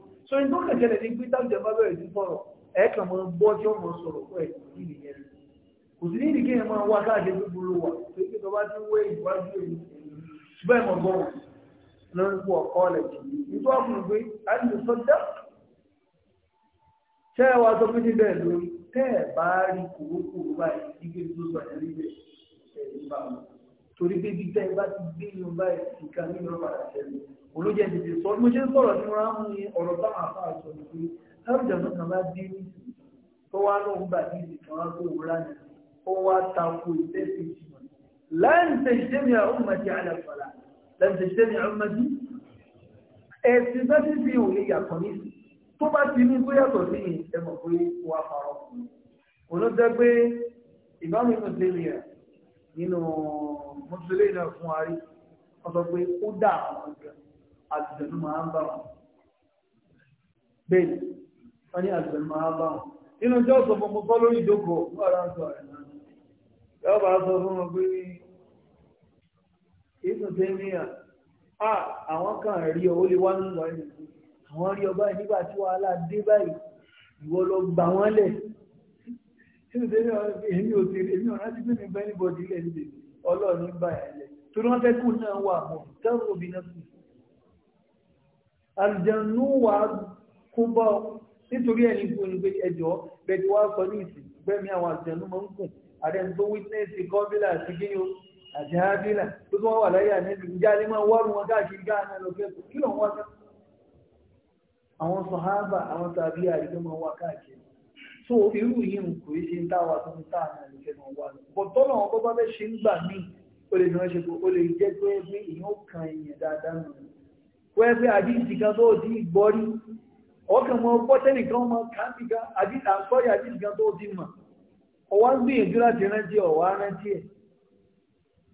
kò sí ní ìdíkẹ́ yẹn máa wá káàdé gbogbo ló wà tó yẹ kí wọ́n ti wé ìwájú èyí bẹ́ẹ̀ mọ̀ gbọ́n lórí fún ọ̀kọ́ rẹ̀ nítorí ọkùnrin pé a lè sọ dá tẹ́ ẹ wá sọ pé ní bẹ́ẹ̀ lórí tẹ́ ẹ bá rí kòrókòrò báyìí ike tó sọ ẹ̀ rí bẹ́ẹ̀ ẹ̀ ń bá wọn torí pé bí tẹ́ ẹ bá ti gbé yan báyìí nǹkan ní ìrọ̀ padà ṣẹlẹ̀ olójẹ́ ti ti sọ mo ṣe ń sọ̀rọ̀ tí wọ́n á mú ọ̀rọ̀ táwọn afá àṣọ ni ó wá tako ìtẹ́sí ìṣìmọ̀ láń tẹ̀sítẹ́mì ummati ala salat láń tẹ̀sítẹ́mì ummati ẹ̀sìn bá ti fi òun yàtọ̀ ní tó bá ti ní tó yàtọ̀ sí ní ẹ̀mọ̀ pé wà fara kò ló jẹ́ pé ìbámu inú tẹ̀lé rẹ̀ nínú mùsùlùmí náà fún arí wọ́n sọ pé ó dà àwọn ọ̀gá àtìjọ́nú máa ń bá wọn bẹ́ẹ̀ wọ́n ní àtìjọ́nú máa ń bá wọn nínú jọ́ọ̀sọ̀ fún mo kọ́ lórí ìjókòó ara yóò bá sọ fún wọn pé ìsùn tí ń níyà á àwọn kan rí ọ ó lè wá nínú ìwádìí àwọn rí ọba nígbà tí wàhálà dé báyìí ìwọ lọ gbà wọn lẹ ìsùn tí ń níyà èmi ò ti èmi ò rántí pé ni bá ni. bọ́dí lẹ̀ ní tèmi ọlọ́run ní báyìí lẹ̀ torí wọn fẹ́ kú náà wà mọ́ tẹ́rù òbí náà sì àlùjẹ̀nu wà kú bọ́ nítorí ẹ̀ ní kú ni pé ẹjọ́ bẹ́ẹ̀ ti wá sọ ní ìsìn bẹ́ẹ̀ mi àwọn àlùjẹ̀nu máa ń kùn àdẹ́ni tó wítẹ́sì kọ́bílà sí kí ni o àti hábílà tó tó wà láyé ànẹ́bí ìjà ní máa wọ́rùn wọn káàkiri gáàná lọ kẹ́kọ̀ọ́ kí ló ń wá àwọn sọ̀hábà àwọn tàbí àìjọ máa wá káàkiri so irú yìí ń kò í ṣe ń táwa tó ń tà náà lè fẹ́ máa wá lọ bọ̀ tọ́nà wọn bọ́ bá fẹ́ ṣe ń gbà míì ó lè ní wọ́n ṣe pé ó lè jẹ́ pé pé èèyàn kan èèyàn dáadáa nù wọ́n fẹ́ àdíjì kan tó ọwá ń gbìyànjú láti rántí ọ̀wá rántí ẹ̀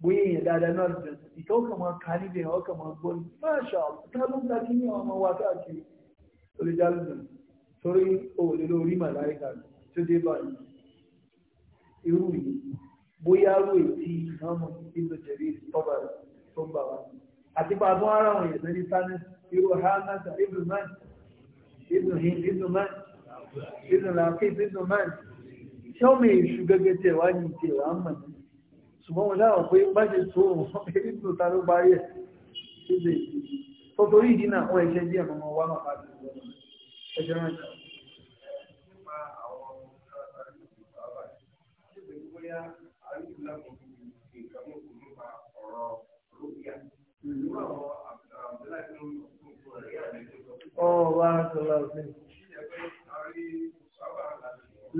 bóyá èèyàn dáadáa náà lè tẹ̀sí ìtọ́ kan máa ka níbi ẹ̀ ọkàn máa gbọ́ ní máṣá ọ̀tá ló ń ta kí ní ọmọ wa káàkiri olùdálùdùn torí òòlè lórí màláìka tó dé báyìí irú yìí bóyá rò ètí ìnáwó ìlú jẹ̀rí tọ́ba tó ń bà wá àti pàtó ara àwọn èèyàn ní sáni irú hánàtà ibùdó mẹ́rin ibùdó hìn ibùdó mẹ́rin ibùdó làákè ibùdó mẹ́rin iṣẹ́ o èṣù gẹ́gẹ́ tí nke ní su ẹ̀wà ń mọ̀ ní ṣùgbọ́n wọn láwọn pé ṣe tó wọn pé nínú ta ló bá yẹ ṣíṣe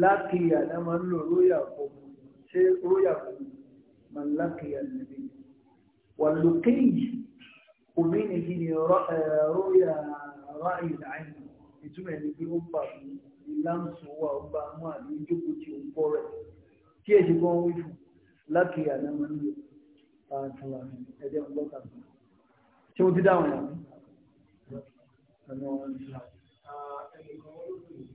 lákìyà náà máa ń lò róyà fòmù ṣé róyà fòmù máa ń lákìyà nàbí wà lókèyì omi nìyí ni róyà ráàyè láàyè ìtumọ̀ ẹni pé ó bà mí ìlànà wà ó bá mú àbí ìjókòó tí ó ń bọ̀ rẹ̀ kí èsì kan wí fún lákìyà náà máa ń lò àtúnwà ẹ̀jẹ̀ ń bọ̀ kàkùn tí mo ti dáhùn yàrá. Thank you.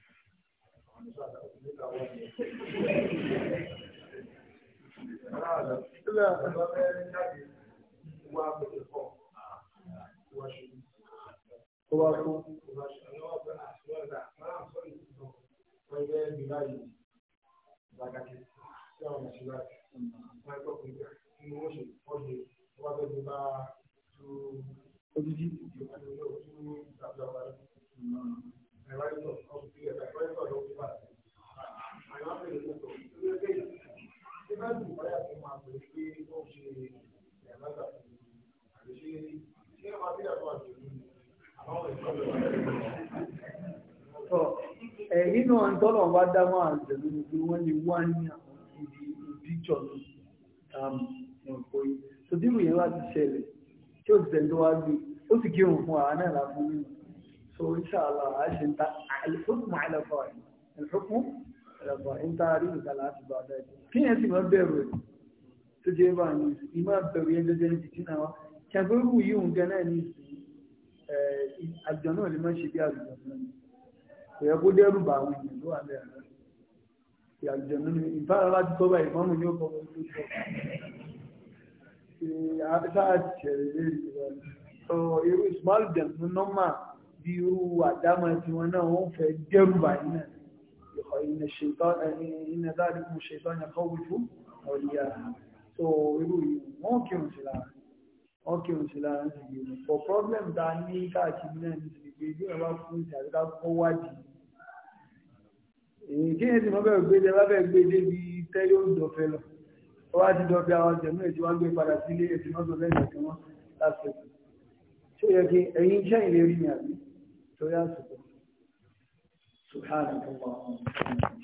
Odidi ẹ̀yìn náà ń tọ́lọ̀ wá dáwọn àjẹ̀lú ní pé wọ́n lè wá ní àwọn ibi ìdíjọ́ ọ̀pọ̀ yìí tó dírù yẹn wá ṣẹlẹ̀ tí ó ti tẹ̀lé wá gbé ó sì kírun fún àwọn náà láfún nínú so insha Allah àṣẹ ń ta al-hukmu ala fa'il al-hukmu ẹ̀bà ń tá a rí nǹkan láti bá ọ̀dà ẹ̀jẹ̀ kí yẹn sì máa bẹ̀rù ẹ̀ tó jẹ́ bá ní ìsìn ìmọ̀ bẹ̀rù yẹn gẹ́gẹ́ ní títí náà ṣàgbéwò yìí òun gan náà ní ìsìn àjọ náà lè má ṣe bí àjọ náà kò yẹ kó dẹ́rù bá àwọn èèyàn ló wà bẹ́ẹ̀ rẹ̀ àjọ náà ní ìfára láti tọ́ báyìí mọ́mù ní ọkọ̀ tó tọ́ irú ìsúmọ́lù dẹ̀mú nọ́mà bí إن الشيطان إن ذلك الشيطان يخوف أولياءه so irú wọn kírun sí lára wọn kírun sí lára ní ìgbìmọ̀ but problem ta ní káàkiri náà ní ti gbé bí wọn bá fún ìtì àti ká kọ́ wádìí èyí kí ni ti mọ́ bẹ́ẹ̀ gbé dé bá bẹ́ẹ̀ gbé dé bí tẹ́lẹ̀ ó dọ̀fẹ́ lọ ó wá ti dọ̀fẹ́ àwọn jẹ̀mú ètí wá gbé padà sí ilé ètí mọ́tò lẹ́yìn ìtì wọn lásìkò ṣé yẹ kí ẹ̀yin iṣẹ́ ìlérí ni àbí torí àsìkò سبحانك اللهم وبحمدك